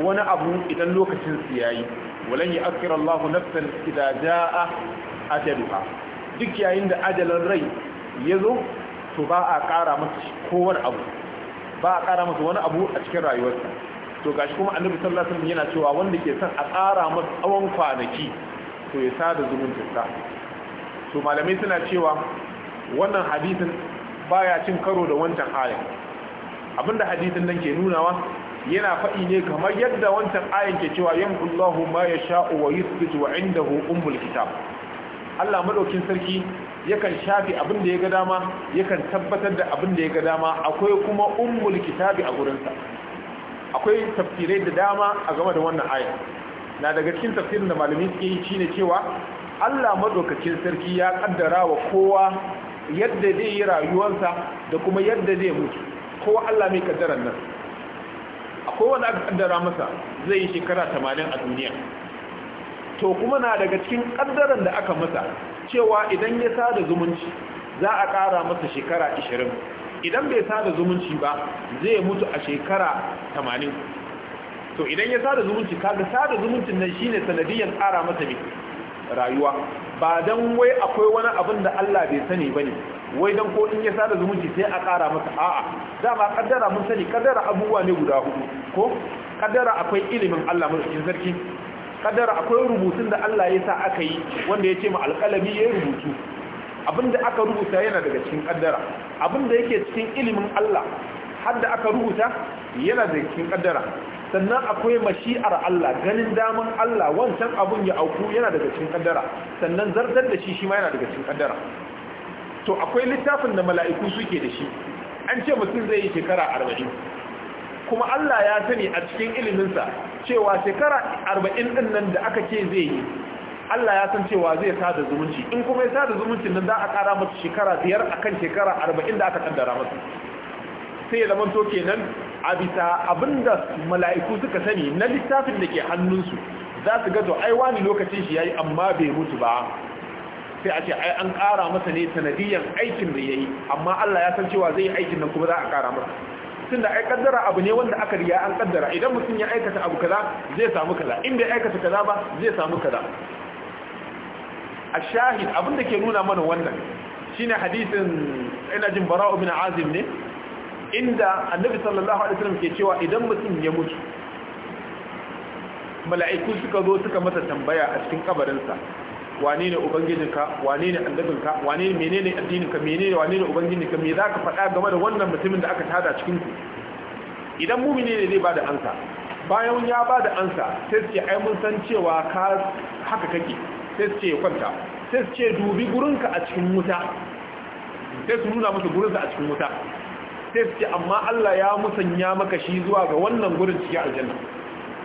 wani abu idan lokacin su yayi walan yi akira Allah nafsan idza jaa duk yayin da ajalin rai ya zo to ba a ƙara masa kowar abu ba a ƙara masa wani abu a cikin rayuwarsa to gashi kuma annabi sallallahu alaihi yana cewa wanda ke son a ƙara masa tsawon kwanaki to ya sada zumuncinsa to malamai suna cewa wannan hadisin baya cin karo da wancan aya abinda hadisin nan ke nunawa yana faɗi ne kamar yadda wancan ayin ke cewa kullahu ma sha'u wa yi fito wa inda hukun bulkita Allah maɗaukin sarki yakan shafi abin da ya ga dama yakan tabbatar da abin da ya ga dama akwai kuma ummul kitabi a gurinsa akwai tafsirai da dama a game da wannan aya na daga cikin tafsirin da malami suke yi shine cewa Allah madaukakin sarki ya kaddara wa kowa yadda zai yi rayuwarsa da kuma yadda zai mutu kowa Allah mai ƙaddarar nan akwai wanda aka kaddara masa zai yi shekara tamanin a duniya to kuma na daga cikin kaddaran da aka masa cewa idan ya sada zumunci za a ƙara masa shekara 20 idan bai sada zumunci ba zai mutu a shekara tamanin to idan ya sada zumunci kaga sada zumuncin nan shine sanadiyan kara masa ne rayuwa ba dan wai akwai wani abin da Allah bai sani ba ne, wai dan ko in ya sada zumunci sai a ƙara masa a'a dama ƙaddara mun sani kaddara abubuwa ne guda hudu ko kaddara akwai ilimin Allah mulkin sarki kaddara akwai rubutun da Allah ya sa aka yi wanda ya ce ma alƙalami ya rubutu abinda aka rubuta yana daga cikin kaddara abinda yake cikin ilimin Allah hadda aka rubuta yana daga cikin ƙaddara. sannan akwai mashi'ar Allah ganin daman Allah wancan abun ya auku yana daga cikin kaddara sannan zartar da shi shi ma yana daga cikin kaddara to akwai littafin da mala'iku suke da shi an ce mutum zai yi shekara arba'in kuma Allah ya sani a cikin iliminsa cewa shekara arba'in ɗin nan da aka ce zai yi Allah ya san cewa zai sada zumunci in kuma ya sada zumuncin nan za a kara masa shekara biyar akan shekara arba'in da aka kaddara masa sai ya zama to kenan a bisa abinda mala'iku suka sani na littafin da ke hannunsu za su gato aiwa ne lokacin shi ya yi amma bai mutu ba sai a ce ai an ƙara masa ne sanadiyar aikin da ya yi amma Allah ya san cewa zai yi aikin nan kuma za a ƙara masa da ai kaddara abu ne wanda aka riya an kaddara idan mutum ya aikata abu kaza zai samu kaza in bai aikata kaza ba zai samu kaza ashahid abin da ke nuna mana wannan shine hadisin ina jin bara'u bin azim ne inda annabi sallallahu alaihi wasallam ke cewa idan mutum ya mutu mala'iku suka zo suka masa tambaya a cikin sa wane ne ubangijinka wane ne annabinka wane ne menene addininka menene wane ne ubangijinka me za ka faɗa game da wannan mutumin da aka tada cikin ku idan mumini ne zai bada ansa bayan ya bada ansa sai su ce ai mun san cewa ka haka kake sai su ce kwanta sai su ce dubi gurinka a cikin wuta sai su nuna musu gurinsa a cikin wuta sai su ce amma Allah ya musanya maka shi zuwa ga wannan gurin cikin aljanna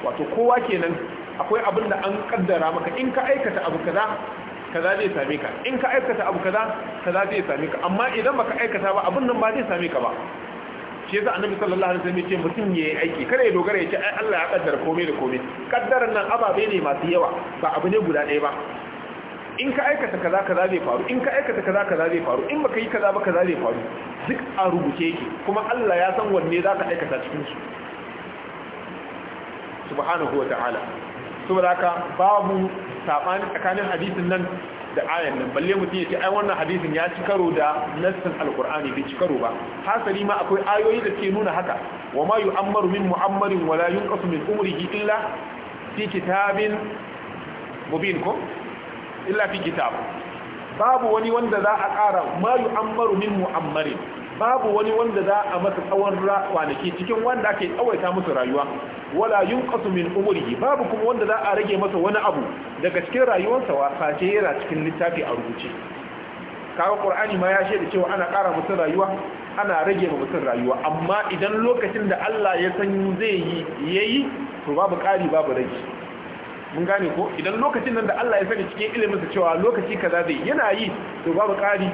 wato kowa kenan akwai abin da an kaddara maka in ka aikata abu kaza kaza zai same ka in ka aikata abu kaza kaza zai same ka amma idan baka aikata ba abin nan ba zai same ka ba shi yasa annabi sallallahu alaihi wasallam ce mutum yayi aiki kare dogara ya ce ai Allah ya kaddara komai da komai kaddaran nan ababe ne masu yawa ba abu ne guda ɗaya ba in ka aikata kaza kaza zai faru in ka aikata kaza kaza zai faru in baka yi kaza ba kaza zai faru duk a rubuce yake kuma Allah ya san wanne za ka aikata cikin su subhanahu wa ta'ala saboda haka babu sabani tsakanin hadisin nan da ayan nan balle mutum ya ce ai wannan hadisin ya ci karo da nassin alqur'ani bai ci karo ba hasali ma akwai ayoyi da ke nuna haka wa ma yu'ammaru min mu'ammarin wala yunqasu min umrihi illa fi kitabin mubin ko illa fi kitab babu wani wanda za a ƙara ma yu'ammaru min mu'ammarin babu wani wanda za a masa tsawon kwanaki cikin wanda ake tsawaita masa rayuwa wala yunqasu min umrihi babu kuma wanda za a rage masa wani abu daga cikin rayuwarsa wa sace yana cikin littafi a rubuce kawo ƙur'ani ma ya shaida cewa ana ƙara mutum rayuwa ana rage ma mutum rayuwa amma idan lokacin da Allah ya san zai yi yayi to babu ƙari babu rage mun gane ko idan lokacin nan da Allah ya sani cikin ilimin sa cewa lokaci kaza zai yana yi to babu ƙari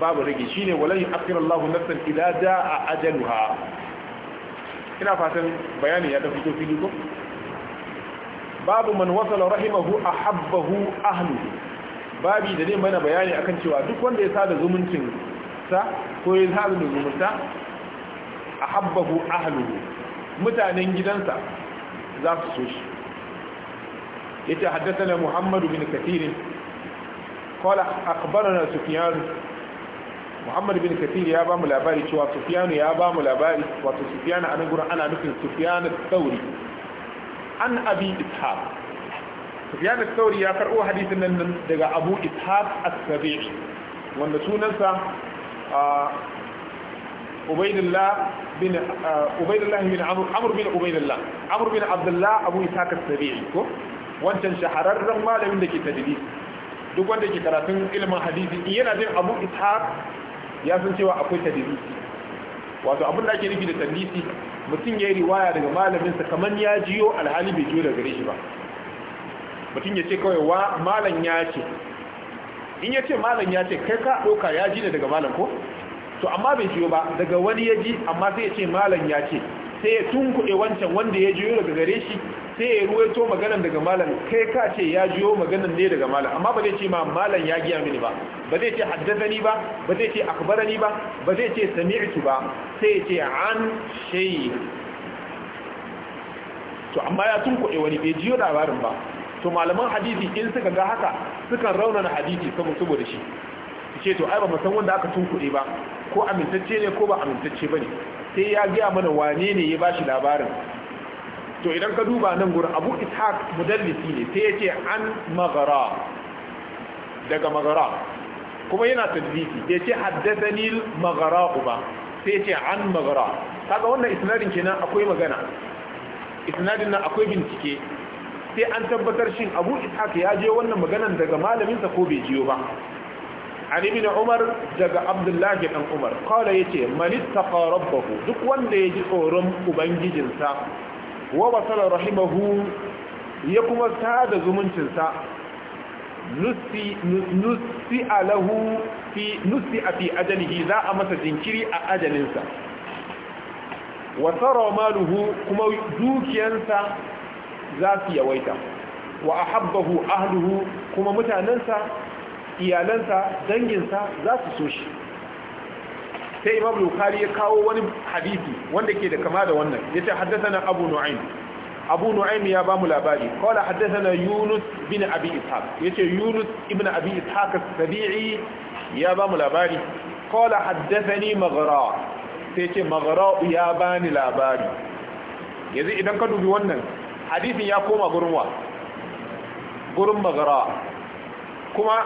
babu rage shine walan yu'akhirallahu nafsan idza jaa ajaluha ina fatan bayani ya dan fito fili ko babu man wasala rahimahu ahabbahu ahlu babi da ne mana bayani akan cewa duk wanda ya sada zumuncin sa ko ya sada zumunta ahabbahu ahlu mutanen gidansa za su so shi yace haddathana Muhammad bin Kathir qala akhbarana Sufyan Muhammad bin Kathir ya bamu mu labari cewa Sufyan ya ba labari wato Sufyan ana nufin Sufyan al an Abi Ishaq Sufyan al ya karbo hadisin nan daga Abu Ishaq as wanda sunansa Ubaidullah bin Abdullah Abu Ishaq as wancan shahararren malamin da ke tadili duk wanda ke karatun ilimin hadisi yana jin abu ishaq ya san cewa akwai tadili wato abin da ake nufi da tadili mutum ya yi riwaya daga malaminsa kamar ya jiyo alhali bai jiyo daga gare shi ba mutum ya ce kawai wa malam ya ce in ya ce malam ya ce kai ka ɗauka ya ji ne daga malam ko to amma bai jiyo ba daga wani ya ji amma sai ya ce malam ya ce sai ya tunkuɗe wancan wanda ya jiyo daga gare shi sai ya ruwaito maganan daga malam kai ka ce ya jiyo maganan ne daga malam amma ba zai ce ma malam ya giya mini ba ba zai ce haddazani ba ba zai ce akbarani ba ba zai ce sami'tu ba sai ya ce an shaykh to amma ya tun kuɗe wani bai jiyo labarin ba to malaman hadisi in suka ga haka sukan raunana hadisi saboda saboda shi ce to ai ba san wanda aka tun kuɗe ba ko amintacce ne ko ba amintacce bane sai ya gaya mana wane ne ya bashi labarin to idan ka duba nan gurin abu ishaq mudallisi ne sai ya ce an magara daga magara kuma yana tadlisi sai ya ce haddathani magara kuma sai ya ce an magara kaga wannan isnadin kenan akwai magana isnadin nan akwai bincike sai an tabbatar shin abu ishaq ya je wannan maganan daga malaminsa ko bai jiyo ba an ibn umar daga abdullahi dan umar kawai ya ce man ittaqa rabbahu duk wanda ya ji tsoron ubangijinsa wa rahimahu ya kuma sada zumuncinsa nusi alahu fi a fi ajalihi za a masa jinkiri a ajalinsa wasara maluhu kuma dukiyansa za su yawaita wa ahabbahu ahluhu kuma mutanensa iyalansa danginsa za su so shi sai imam bukhari ya kawo wani hadisi wanda ke da kama da wannan yace haddathana abu nu'aym abu nu'aym ya ba mu labari kawai qala haddathana yunus bin abi ishaq ce yunus ibn abi ishaq as-sabi'i ya mu labari kawai qala haddathani maghra sai yace maghra ya bani labari yanzu idan ka dubi wannan hadisin ya koma gurin wa gurin maghra kuma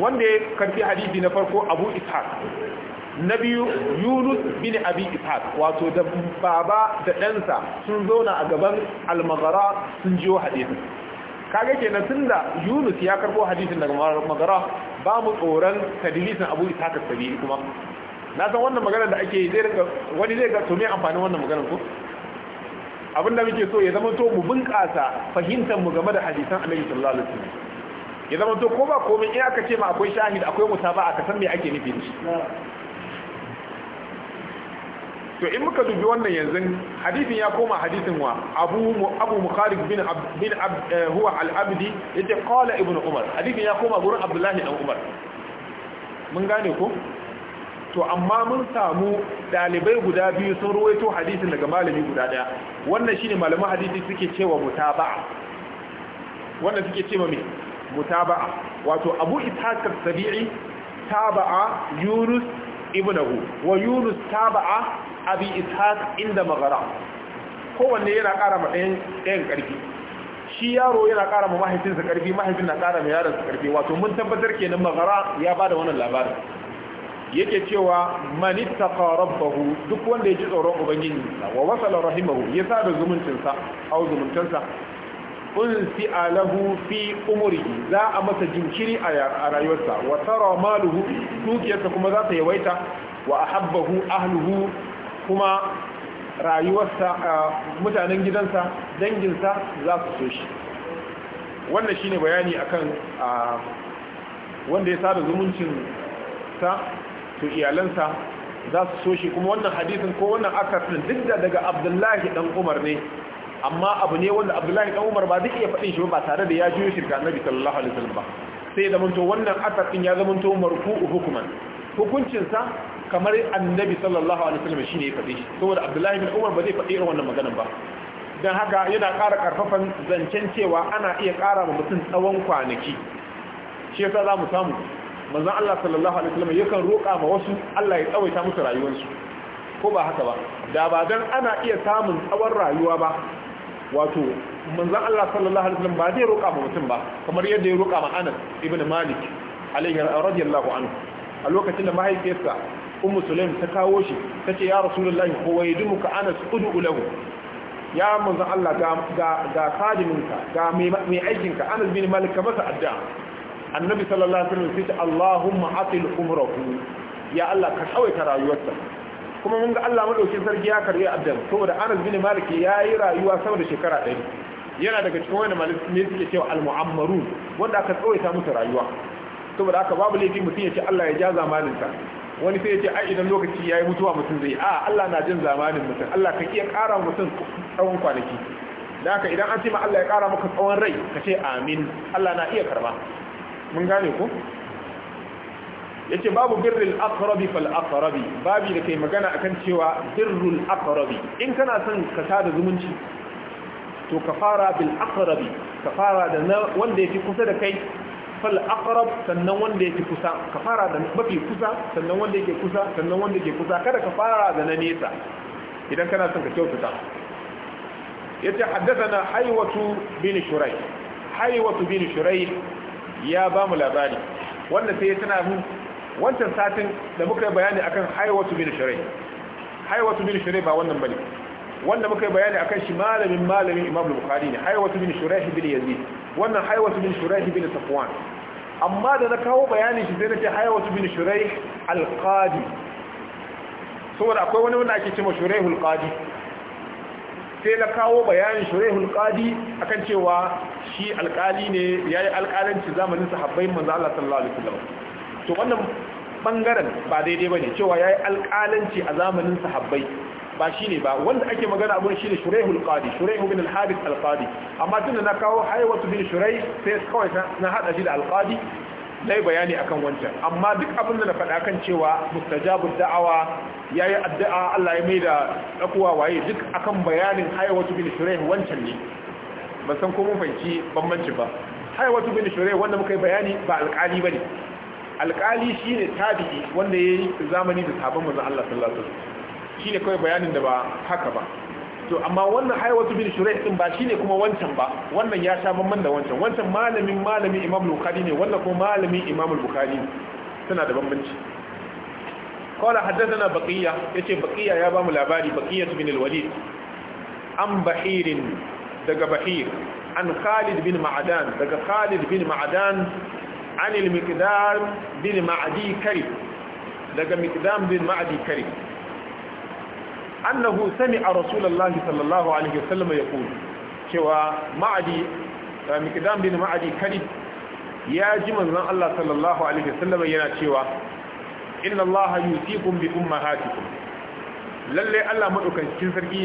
wanda ya karfi hadisi na farko abu ishaq na biyu yunus bin abi ishaq wato da baba da ɗansa sun zauna a gaban almagara sun jiyo hadisin kage kenan tunda yunus ya karbo hadisin daga magara ba mu tsoron tadilisin abu ishaq sabi kuma na san wannan magana da ake zai rinka wani zai ga to me amfanin wannan maganar ko abin da muke so ya zama to mu bunƙasa fahimtar mu game da hadisan annabi sallallahu alaihi wasallam ya zama to ko ba komai in aka ce ma akwai shahid akwai mutaba'a ka san me ake nufi da shi to in muka dubi wannan yanzu hadisin ya koma hadisin wa abu abu mukharib bin bin eh, huwa al-abdi yace qala ibnu umar hadisin ya koma gurin abdullahi dan umar mun gane ko to amma mun samu dalibai guda biyu sun ruwaito hadisin daga malami guda daya wannan shine malaman hadisi suke cewa mutaba'a wannan suke cewa me mutaba'a wato abu ishaq as-sabi'i taba'a yunus ibnahu wa yunus taba'a abi ishaq inda magara kowanne yana ƙara ma ɗayan ɗayan ƙarfi shi yaro yana ƙara ma mahaifinsa ƙarfi mahaifin na ƙara ma yaronsa ƙarfi wato mun tabbatar kenan magara ya bada wannan labarin yake cewa manittaqa rabbahu duk wanda ya ji tsoron ubangiji wa wasala rahimahu ya sada zumuncinsa au zumuntansa unsi alahu fi umuri za a masa jinkiri a rayuwarsa wa tara maluhu dukiyarsa kuma za ta yawaita wa ahabbahu ahluhu kuma rayuwarsa mutanen gidansa danginsa za su so shi wannan shine bayani akan wanda ya sada zumuncin sa to iyalansa za su so shi kuma wannan hadisin ko wannan akasin duk da daga abdullahi dan umar ne amma abu ne wanda abdullahi dan umar ba zai iya faɗin shi ba tare da ya juyo shirka annabi sallallahu alaihi wasallam ba sai da manto wannan asar din ya zama to marfu'u hukuman hukuncin sa kamar annabi sallallahu alaihi wasallam shine ya faɗi saboda abdullahi bin umar ba zai faɗi irin wannan maganar ba dan haka yana ƙara karfafan zancen cewa ana iya ƙara ma mutum tsawon kwanaki shi yasa za mu samu manzon Allah sallallahu alaihi wasallam yakan roƙa ma wasu Allah ya tsawaita musu rayuwarsu ko ba haka ba da ba dan ana iya samun tsawon rayuwa ba wato manzan Allah sallallahu alaihi wasallam ba zai roƙa ma mutum ba kamar yadda ya roƙa ma Anas ibn Malik alaihi radiyallahu anhu a lokacin da mahaifiyarsa ummu sulaim ta kawo shi tace ya rasulullahi huwa dumuka Anas ud'u lahu ya Manzan Allah ga kadiminka ga mai aikinka anas bin malik kamar masa addu'a annabi sallallahu alaihi wasallam ce, Allahumma atil umrahu ya Allah ka tsawaita rayuwarsa kuma mun ga Allah madaukin sarki ya karbi Abdul saboda Anas bin Malik yi rayuwa sama da shekara 100 yana daga cikin wani malik ne suke cewa al-mu'ammarun wanda aka tsawaita musu rayuwa saboda aka babu laifi mutum ya ce Allah ya ja zamaninsa wani sai ya ce ai idan lokaci yayi mutuwa mutum zai a Allah na jin zamanin mutum Allah ka iya ƙara mutum tsawon kwanaki da haka idan an ce ma Allah ya ƙara maka tsawon rai ka ce amin Allah na iya karba mun gane ku yace babu birrul aqrabi fal aqrabi babi da kai magana akan cewa birrul aqrabi in kana son ka sada zumunci to ka fara bil aqrabi ka fara da wanda yake kusa da kai fal aqrab sannan wanda yake kusa ka fara da mafi kusa sannan wanda yake kusa sannan wanda yake kusa kada ka fara da na nesa idan kana son ka kyautata yace haddathana haywatu bin shuraih haywatu bin shuraih ya ba mu labari wanda sai ya tana mun wancan satin da muka yi bayani akan haiwatu bin shirai haiwatu bin shirai ba wannan bane wanda muka yi bayani akan shi malamin malamin imam bukhari ne haiwatu bin shuraihi bin yazid wannan haiwatu bin shuraihi bin safwan amma da na kawo bayanin shi sai nake haiwatu bin shuraihi alqadi saboda akwai wani wanda ake cewa shuraihi alqadi sai na kawo bayanin shuraihi alqadi akan cewa shi alƙali ne yayi alqalanci zamanin sahabbai manzo Allah sallallahu alaihi wasallam to wannan bangaren ba daidai ne cewa yayi alƙalanci a zamanin sahabbai ba ne ba wanda ake magana abun shine shuraihul qadi shuraihu bin al-hadith al-qadi amma tunda na kawo haywatu bin shurai sai kawai na haɗa shi da alƙadi, na yi bayani akan wancan amma duk abin da na faɗa kan cewa mustajabud da'awa ya yi addu'a Allah ya mai da ɗakuwa waye duk akan bayanin hayawatu bin shirai wancan ne ban san ko mun fahimci bambanci ba hayawatu bin shirai wanda muka yi bayani ba alƙali ba ne Alƙali shi ne tabi'i wanda ya yi zamani da sabon manzon Allah sallallahu alaihi wasallam shine kawai bayanin da ba haka ba to amma wannan haiwatu bin shuraih din ba shi ne kuma wancan ba wannan ya sha bamban da wancan wancan malamin malami imam bukhari ne wannan kuma malamin imam bukhari suna da bambanci qala haddathana baqiya yace baqiya ya bamu labari baqiya bin al-walid an bahirin daga bahir an khalid bin ma'adan daga khalid bin ma'adan anil miqdam bin ma'adi kari daga miqdam bin ma'adi kari annahu sami'a rasulullahi sallallahu alaihi wasallam yaqul cewa ma'adi eh, miqdam bin ma'adi kari ya ji manzon Allah sallallahu alaihi wasallam yana cewa inna Allah yusikum bi ummahatikum lalle Allah madaukakin sarki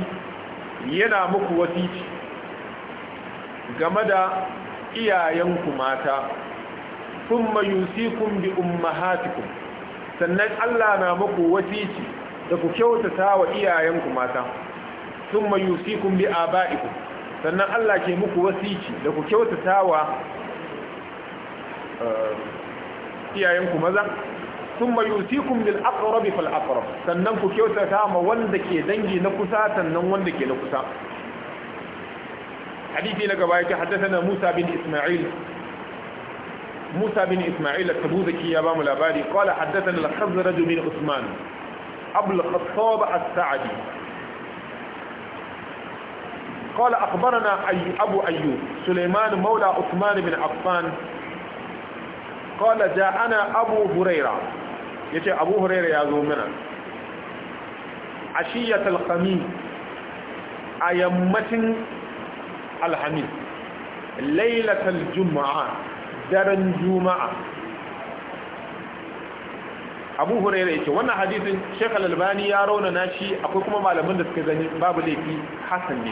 yana muku wasici game da iyayenku mata thumma yusikum bi ummahatikum sannan Allah na muku wasici da ku kyautata wa iyayenku mata thumma yusikum bi abaikum sannan Allah ke muku wasici da ku kyautata wa eh, iyayenku maza thumma yusikum bil aqrab fal aqrab sannan ku kyautata ma wanda ke dangi na kusa sannan wanda ke na kusa hadisi na gaba yake haddathana Musa bin Isma'il موسى بن إسماعيل التبوذكي يا بام قال حدثنا الخزرج بن عثمان أبو الخطاب السعدي قال أخبرنا أي أبو أيوب سليمان مولى عثمان بن عفان قال جاءنا أبو هريرة يتي أبو هريرة يا زومنا عشية الخميس أيمة الحميد ليلة الجمعة daren juma'a abu hurairu ya ce wannan hadisin shekal albani ya rauna na shi akwai kuma malamin da suka gani babu laifi hasan ne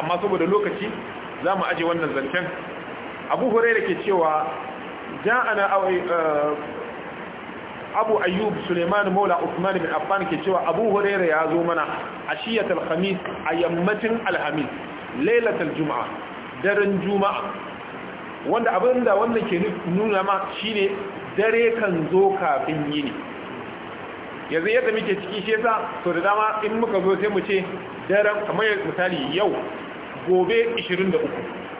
amma saboda lokaci za mu aje wannan zancen abu hurairu ke cewa ja'ana abu ayyub suleiman maula usman bin affan ke cewa abu huraira ya zo mana ashiyatul khamis a yammacin alhamis lailatul juma'a daren juma'a wanda abin da wannan ke nuna ma shine dare kan zo kafin yini yanzu yadda muke ciki shi yasa to da dama in muka zo sai mu ce daren kamar misali yau gobe 23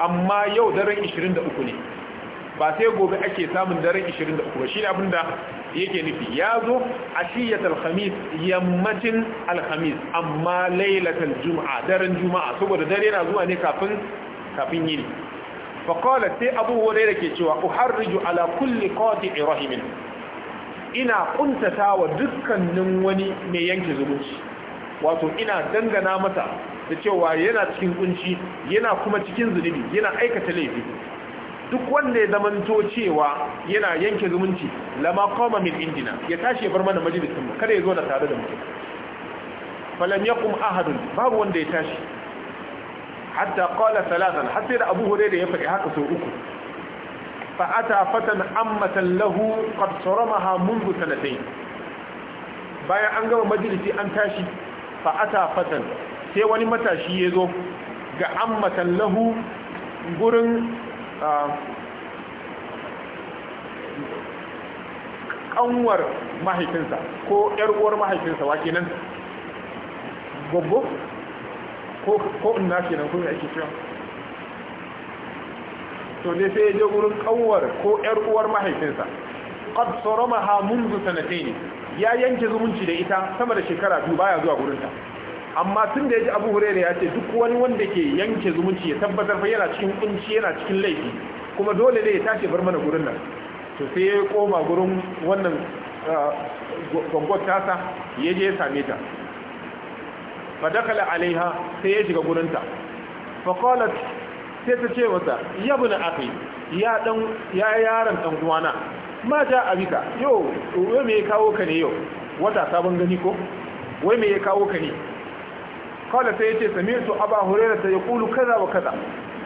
amma yau daren 23 ne ba sai gobe ake samun daren 23 ba shine abin da yake nufi ya zo a ashiyatul khamis yammacin alhamis amma lailatar juma'a daren juma'a saboda dare na zuwa ne kafin kafin yini Faƙola sai abu da ke cewa uharriju ala kulli qati'i rahimin ina wa dukkanin wani mai yanke zumunci wato ina dangana masa da cewa yana cikin kunci yana kuma cikin zunubi yana aikata laifi duk wanda ya zamanto cewa yana yanke zumunci lama koma min indina ya tashi ya bar mana majalisin mu kada ya zo na tare da mu falam yaqum ahadun babu wanda ya tashi hatta qala thalathan hatta da Abu da ya faɗi haka so uku fa ata fatan ammatan lahu qad ha mundu sanatai. bayan an gama majalisi an tashi fa ata fatan sai wani matashi ya zo ga ammatan lahu gurin ƙanwar mahaifinsa ko yar uwar mahaifinsa wa kenan gobbo ko in na kenan ko ake cewa to dai sai ya je gurin kawar ko yar uwar mahaifinsa qad saramaha منذ sanatayn ya yanke zumunci da ita sama da shekara biyu baya zuwa gurin ta amma tun da yaji Abu Hurairah ya ce duk wani wanda ke yanke zumunci ya tabbatar fa yana cikin kunci yana cikin laifi kuma dole ne ya tashi bar mana gurin nan to sai ya koma gurin wannan ah, gongon tasa ya je ya same ta fa dakala alaiha sai ya shiga gurinta fa sai ta ce masa ya bin akhi ya dan ya yaron dan uwana ma ja abika yo wai me ya kawo ka ne yau wata sabon gani ko wai me ya kawo ka ne qala sai ya yace sami'tu aba hurairah ta kulu kaza wa kaza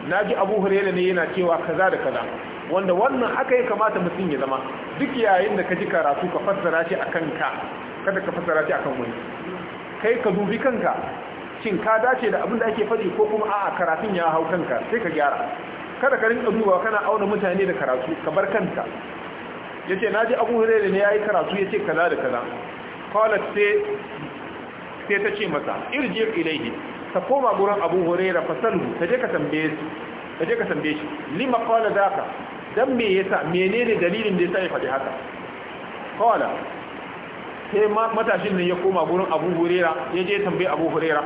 naji abu hurairah ne yana cewa kaza da kaza wanda wannan aka yi kamata mutum ya zama duk yayin da ka ji karatu ka fassara shi akan ka kada ka fassara shi akan wani kai ka dubi kanka shin ka dace da abin da ake faɗi ko kuma a'a karatun ya hau kanka sai ka gyara kada ka rinka dubawa kana auna mutane da karatu ka bar kanka yace naji Abu Hurairah ne yayi karatu yace kaza da kaza qalat sai sai ta ce masa irji ilayhi ta koma gurin Abu fa sallu ta je ka tambaye shi ta je ka tambaye shi lima qala zaka dan me yasa menene dalilin da yasa ya faɗi haka qala sai matashin nan ya koma gurin abu hurera ya je tambayi abu hurera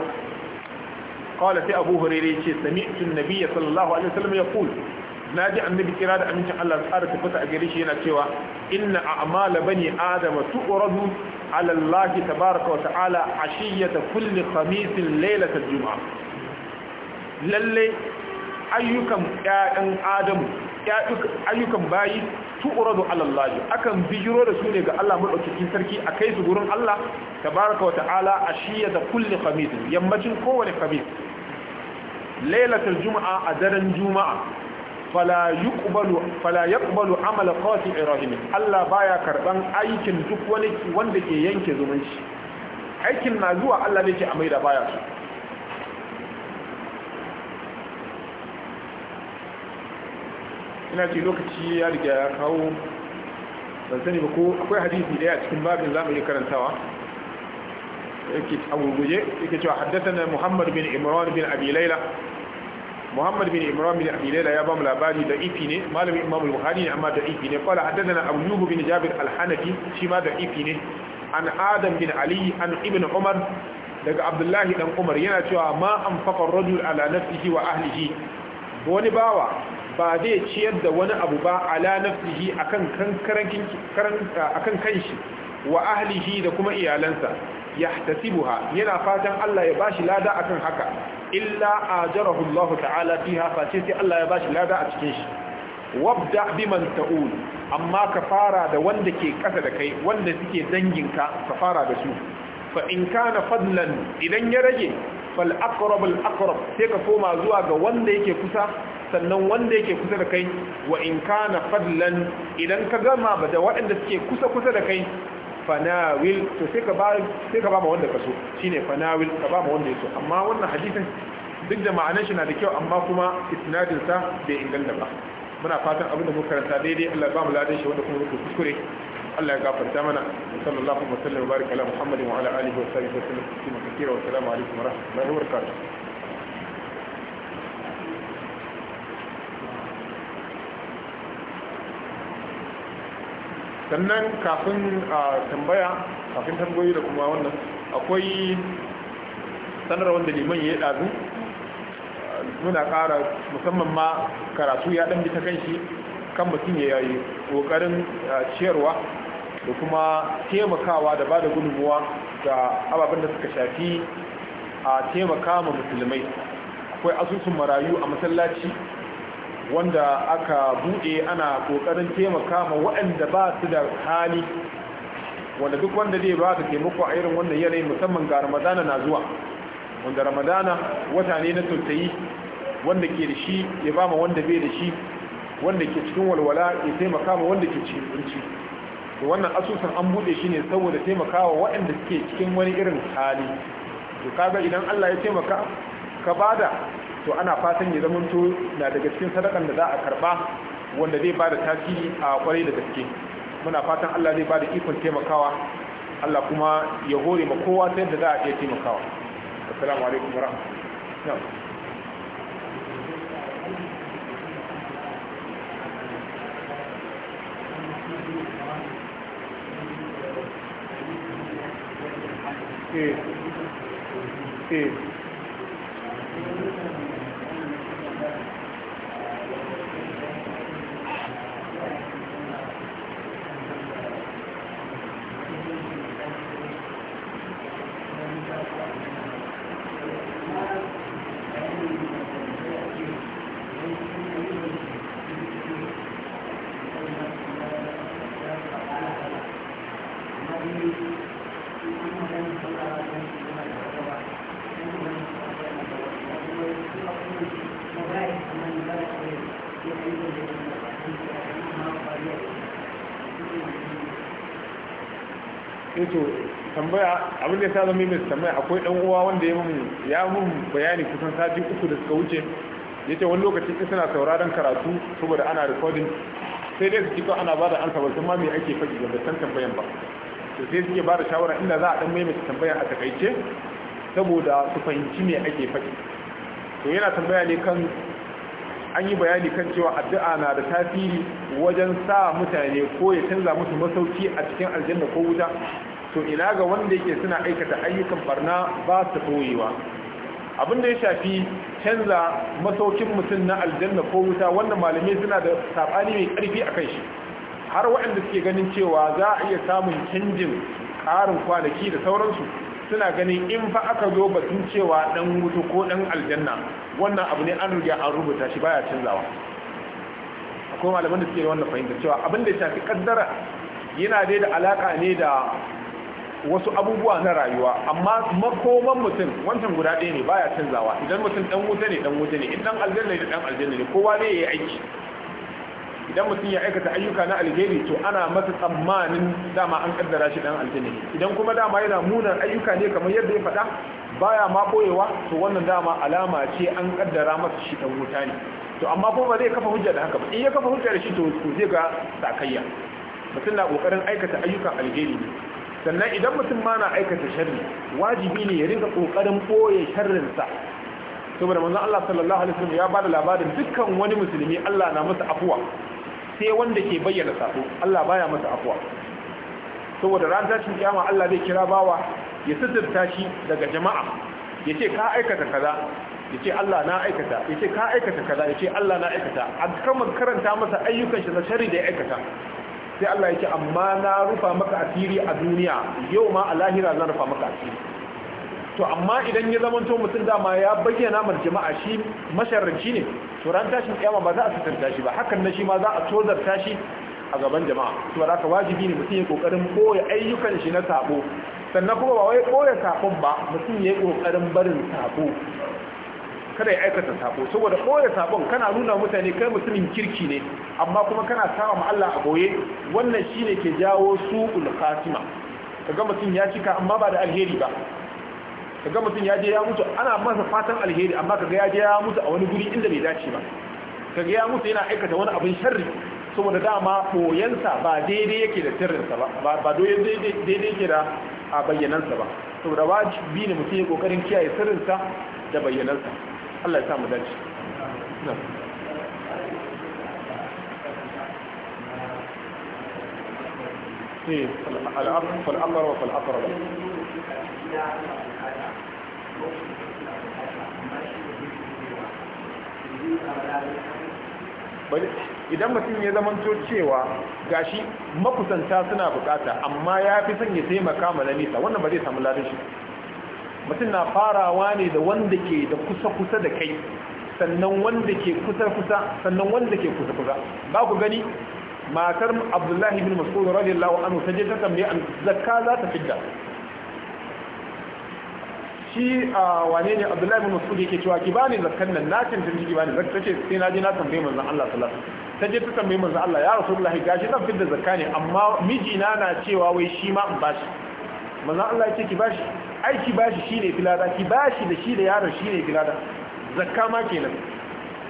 kawai sai abu hurera ya ce sami tun nabiya sallallahu alaihi wasallam ya kul na ji annabi kira da amincin Allah tsara tabbata a gare shi yana cewa inna a'mala bani adama tu'radu alallahi Allah baraka wa ta'ala ashiyata kulli khamisin lailata Juma'a. lalle ayyukan ƴaƴan adamu ayyukan bayi tu'ura da Allah akan bijiro da su ne ga Allah madaukakin sarki a kai su gurin Allah tabaraka wa ta'ala ashiya da kulli khamis yammacin kowane khamis lailatul juma'a a daren juma'a fala yuqbalu fala yaqbalu amala qati ibrahim Allah baya karban aikin duk wani wanda ke yanke zumunci aikin na zuwa Allah ne ke amai da baya su ina ce lokaci ya riga ya kawo ban sani ba ko akwai hadisi daya a cikin babin zamu iya karantawa yake a gurguje yake cewa haddathana Muhammad bin Imran bin Abi Layla Muhammad bin Imran bin Abi ya bamu labari da ifi ne malamin Imam Bukhari ne amma da ifi ne qala haddathana Abu Yub bin Jabir al-Hanafi shi ma da ifi ne an Adam bin Ali an Ibn Umar daga Abdullahi dan Umar yana cewa ma anfaqa ar-rajul ala nafsihi wa ahlihi wani bawa ba zai ciyar da wani abu ba ala nafsihi akan akan kanshi wa ahlihi da kuma iyalansa yahtasibuha yana fatan Allah ya bashi lada akan haka illa ajarahu Allah ta'ala fiha face sai Allah ya bashi lada a cikin shi wabda biman ta'ul amma ka fara da wanda ke kasa da kai wanda suke danginka ka fara da su fa in kana fadlan idan ya rage fal aqrab al aqrab sai ka koma zuwa ga wanda yake kusa sannan wanda yake kusa da kai wa in kana fadlan idan ka gama da waɗanda suke kusa kusa da kai fanawil to sai ka ba sai ka ba ma wanda ka so shine fanawil ka ba ma wanda ya so amma wannan hadisin duk da ma'anar shi na da kyau amma kuma isnadin sa bai inganta ba muna fatan abin da muka karanta daidai Allah ya ba mu ladan shi wanda kuma muke kuskure Allah ya gafarta mana sallallahu alaihi wa sallam baraka ala muhammadin wa ala alihi wa sahbihi wa sallam kima kira wa assalamu alaikum wa rahmatullahi wa barakatuh sannan kafin a tambaya kafin tambayoyi da kuma wannan akwai sanar wanda liman ya ɗazu muna ƙara musamman ma karatu ya ɗan bita kan kan mutum ya yi ƙoƙarin ciyarwa da kuma taimakawa da ba da gudunmuwa ga ababen da suka shafi a taimaka ma musulmai akwai asusun marayu a masallaci wanda aka bude ana kokarin taimaka ma waɗanda ba su da hali wanda duk wanda zai ba ka taimako a irin wannan yanayi musamman ga ramadana na zuwa wanda ramadana wata ne na tausayi wanda ke da shi ya ba ma wanda bai da shi wanda ke cikin walwala ya taimaka ma wanda ke cikin kunci da wannan asusun an bude shi ne saboda taimakawa waɗanda suke cikin wani irin hali to kaga idan Allah ya taimaka ka bada to ana fatan ya zamanto na daga cikin sadakan da za a karba wanda zai bada tasiri a kwarai da gaske muna fatan Allah zai bada ikon taimakawa Allah kuma ya hore ma kowa ta yadda za a iya taimakawa assalamu alaikum wa rahmatullahi tambaya abin da ya sa zama mai tambaya akwai dan uwa wanda ya mun mun bayani kusan sati uku da suka wuce yace wani lokaci sai suna sauraron karatu saboda ana recording sai dai su ana ba da ansa ba ma me ake faɗi ga san tambayan ba to sai suke ba da shawara inda za a dan maimaita tambaya a takaice saboda su fahimci me ake faɗi to yana tambaya ne kan an yi bayani kan cewa addu'a na da tasiri wajen sa mutane ko ya canza musu masauki a cikin aljanna ko wuta to ina ga wanda yake suna aikata ayyukan barna ba su boyewa abin da ya shafi canza masaukin mutum na aljanna ko wuta wannan malamai suna da saɓani mai karfi a kai shi har waɗanda suke ganin cewa za a iya samun canjin ƙarin kwanaki da sauransu suna ganin in fa aka zo batun cewa ɗan wuta ko ɗan aljanna wannan abu ne an riga an rubuta shi baya canzawa akwai malaman da suke da wannan fahimtar cewa abin da ya shafi kaddara yana dai da alaka ne da wasu abubuwa na rayuwa amma makoman mutum wancan guda ɗaya ne baya canzawa idan mutum dan wuta ne dan wuta ne idan aljanna ne dan aljanna ne kowa ne yayi aiki idan mutum ya aikata ayyuka na alheri to ana masa tsammanin dama an kaddara shi dan aljanna ne idan kuma dama yana munar ayyuka ne kamar yadda ya faɗa baya ma koyewa to wannan dama alama ce an kaddara masa shi dan wuta ne to amma kuma ba zai kafa hujja da haka ba in ya kafa hujja da shi to zai ga sakayya mutum na kokarin aikata ayyukan alheri ne sannan idan mutum ma na aikata sharri wajibi ne ya rinka kokarin boye sharrinsa saboda manzon Allah sallallahu alaihi wasallam ya da labarin dukkan wani musulmi Allah na masa afuwa sai wanda ke bayyana sako Allah baya masa afuwa saboda ran tashin kiyama Allah zai kira bawa ya sitirta shi daga jama'a yace ka aikata kaza yace Allah na aikata yace ka aikata kaza yace Allah na aikata a kan karanta masa ayyukan shi na sharri da ya aikata sai Allah ya ce amma na rufa maka asiri a duniya yau ma a lahira zan rufa maka asiri to amma idan ya zama to mutum dama ya bayyana mar jama'a shi masharranci ne to ran tashin kiyama ba za a sutanta shi ba hakan na shi ma za a tozarta shi a gaban jama'a to da ka wajibi ne mutum ya kokarin koya ayyukan shi na sabo sannan kuma ba wai koya sabon ba mutum ya yi kokarin barin sabo kada ya aikata sabo saboda koyar sabon kana nuna mutane kai mutumin kirki ne amma kuma kana sawa Allah a boye wannan shine ke jawo su'ul khatima kaga mutum ya cika amma ba da alheri ba kaga mutum ya je ya mutu ana masa fatan alheri amma kaga ya je ya mutu a wani guri inda bai dace ba kaga ya mutu yana aikata wani abin sharri saboda dama koyansa ba daidai yake da sirrinsa ba ba daidai yake da a bayyanansa ba saboda wajibi ne mutum ya kokarin kiyaye sirrinsa da bayyanansa Allah ya samu dace eh, idan mutum ya zamanto cewa gashi makusanta suna bukata amma ya fi son ya taimaka ma na nisa wannan ba zai samu ladin mutum na farawa ne da wanda ke da kusa-kusa da kai sannan wanda ke kusa-kusa sannan wanda ke kusa-kusa ba ku gani matar abdullahi bin mas'ud radiyallahu anhu ta je ta tambaye an zakka za ta fidda shi a wane ne abdullahi bin masoro yake cewa ki bani zakkan nan na cancanci ki bani zakka ce sai na je na tambaye manzon Allah sallallahu ta je ta tambaye manzon Allah ya rasu ya gashi zan fidda zakka ne amma mijina na cewa wai shi ma in bashi manzan Allah ya ce ki bashi ai ki bashi shine filada ki bashi da shi da yaron shine filada zakka ma kenan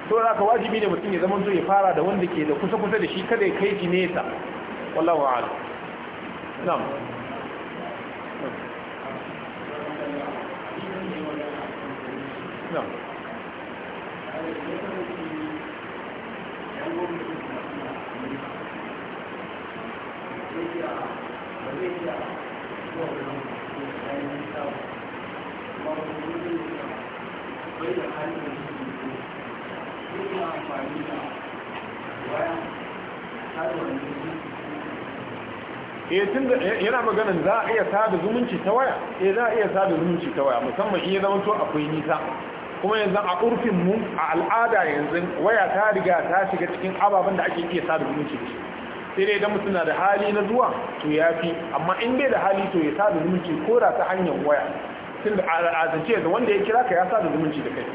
to aka wajibi ne mutum ya zama zo ya fara da wanda ke da kusa kusa da shi kada ya kai ki nesa wallahu a'lam na'am na'am Yeah. Eh, yana maganin za a iya sada zumunci ta waya e za a iya sada zumunci ta waya musamman iya zama to akwai nisa kuma yanzu a urfin mu a al'ada yanzu waya ta riga ta shiga cikin ababen da ake iya sada zumunci da shi sai dai idan mutum na da hali na zuwa to ya fi amma in bai da hali to ya sada zumunci ko da ta hanyar waya tun azance da wanda ya kira ka ya sa da zumunci da kai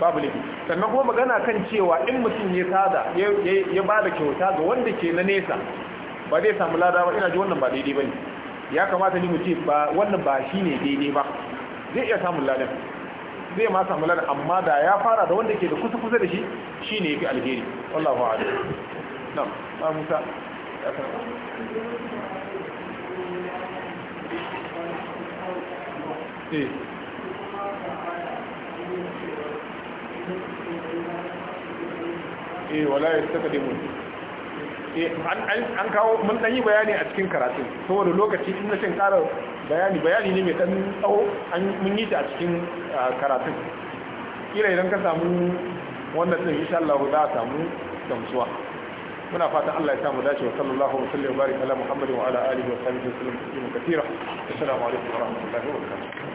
babu laifi sannan kuma magana kan cewa in mutum ya sada ya ba da kyauta ga wanda ke na nesa ba zai samu lada ba ina ji wannan ba daidai ba ne ya kamata ni mu ce ba wannan ba shi ne daidai ba zai iya samun ladan zai ma samu ladan amma da ya fara da wanda ke da kusa kusa da shi shi ne ya fi alheri wallahu a'lam na'am ba musa ya eh, eh wala ya saka dimu eh, an kawo mun dan yi bayani a cikin karatu saboda lokaci ina na cin karar bayani bayani ne mai dan tsawo an mun yi ta a cikin karatu kira idan ka samu wannan din insha Allah za a samu gamsuwa muna fatan Allah ya samu dace wa sallallahu alaihi wa sallam barika ala muhammadin wa ala alihi wa sahbihi wa sallam kathira assalamu alaikum wa rahmatullahi wa barakatuh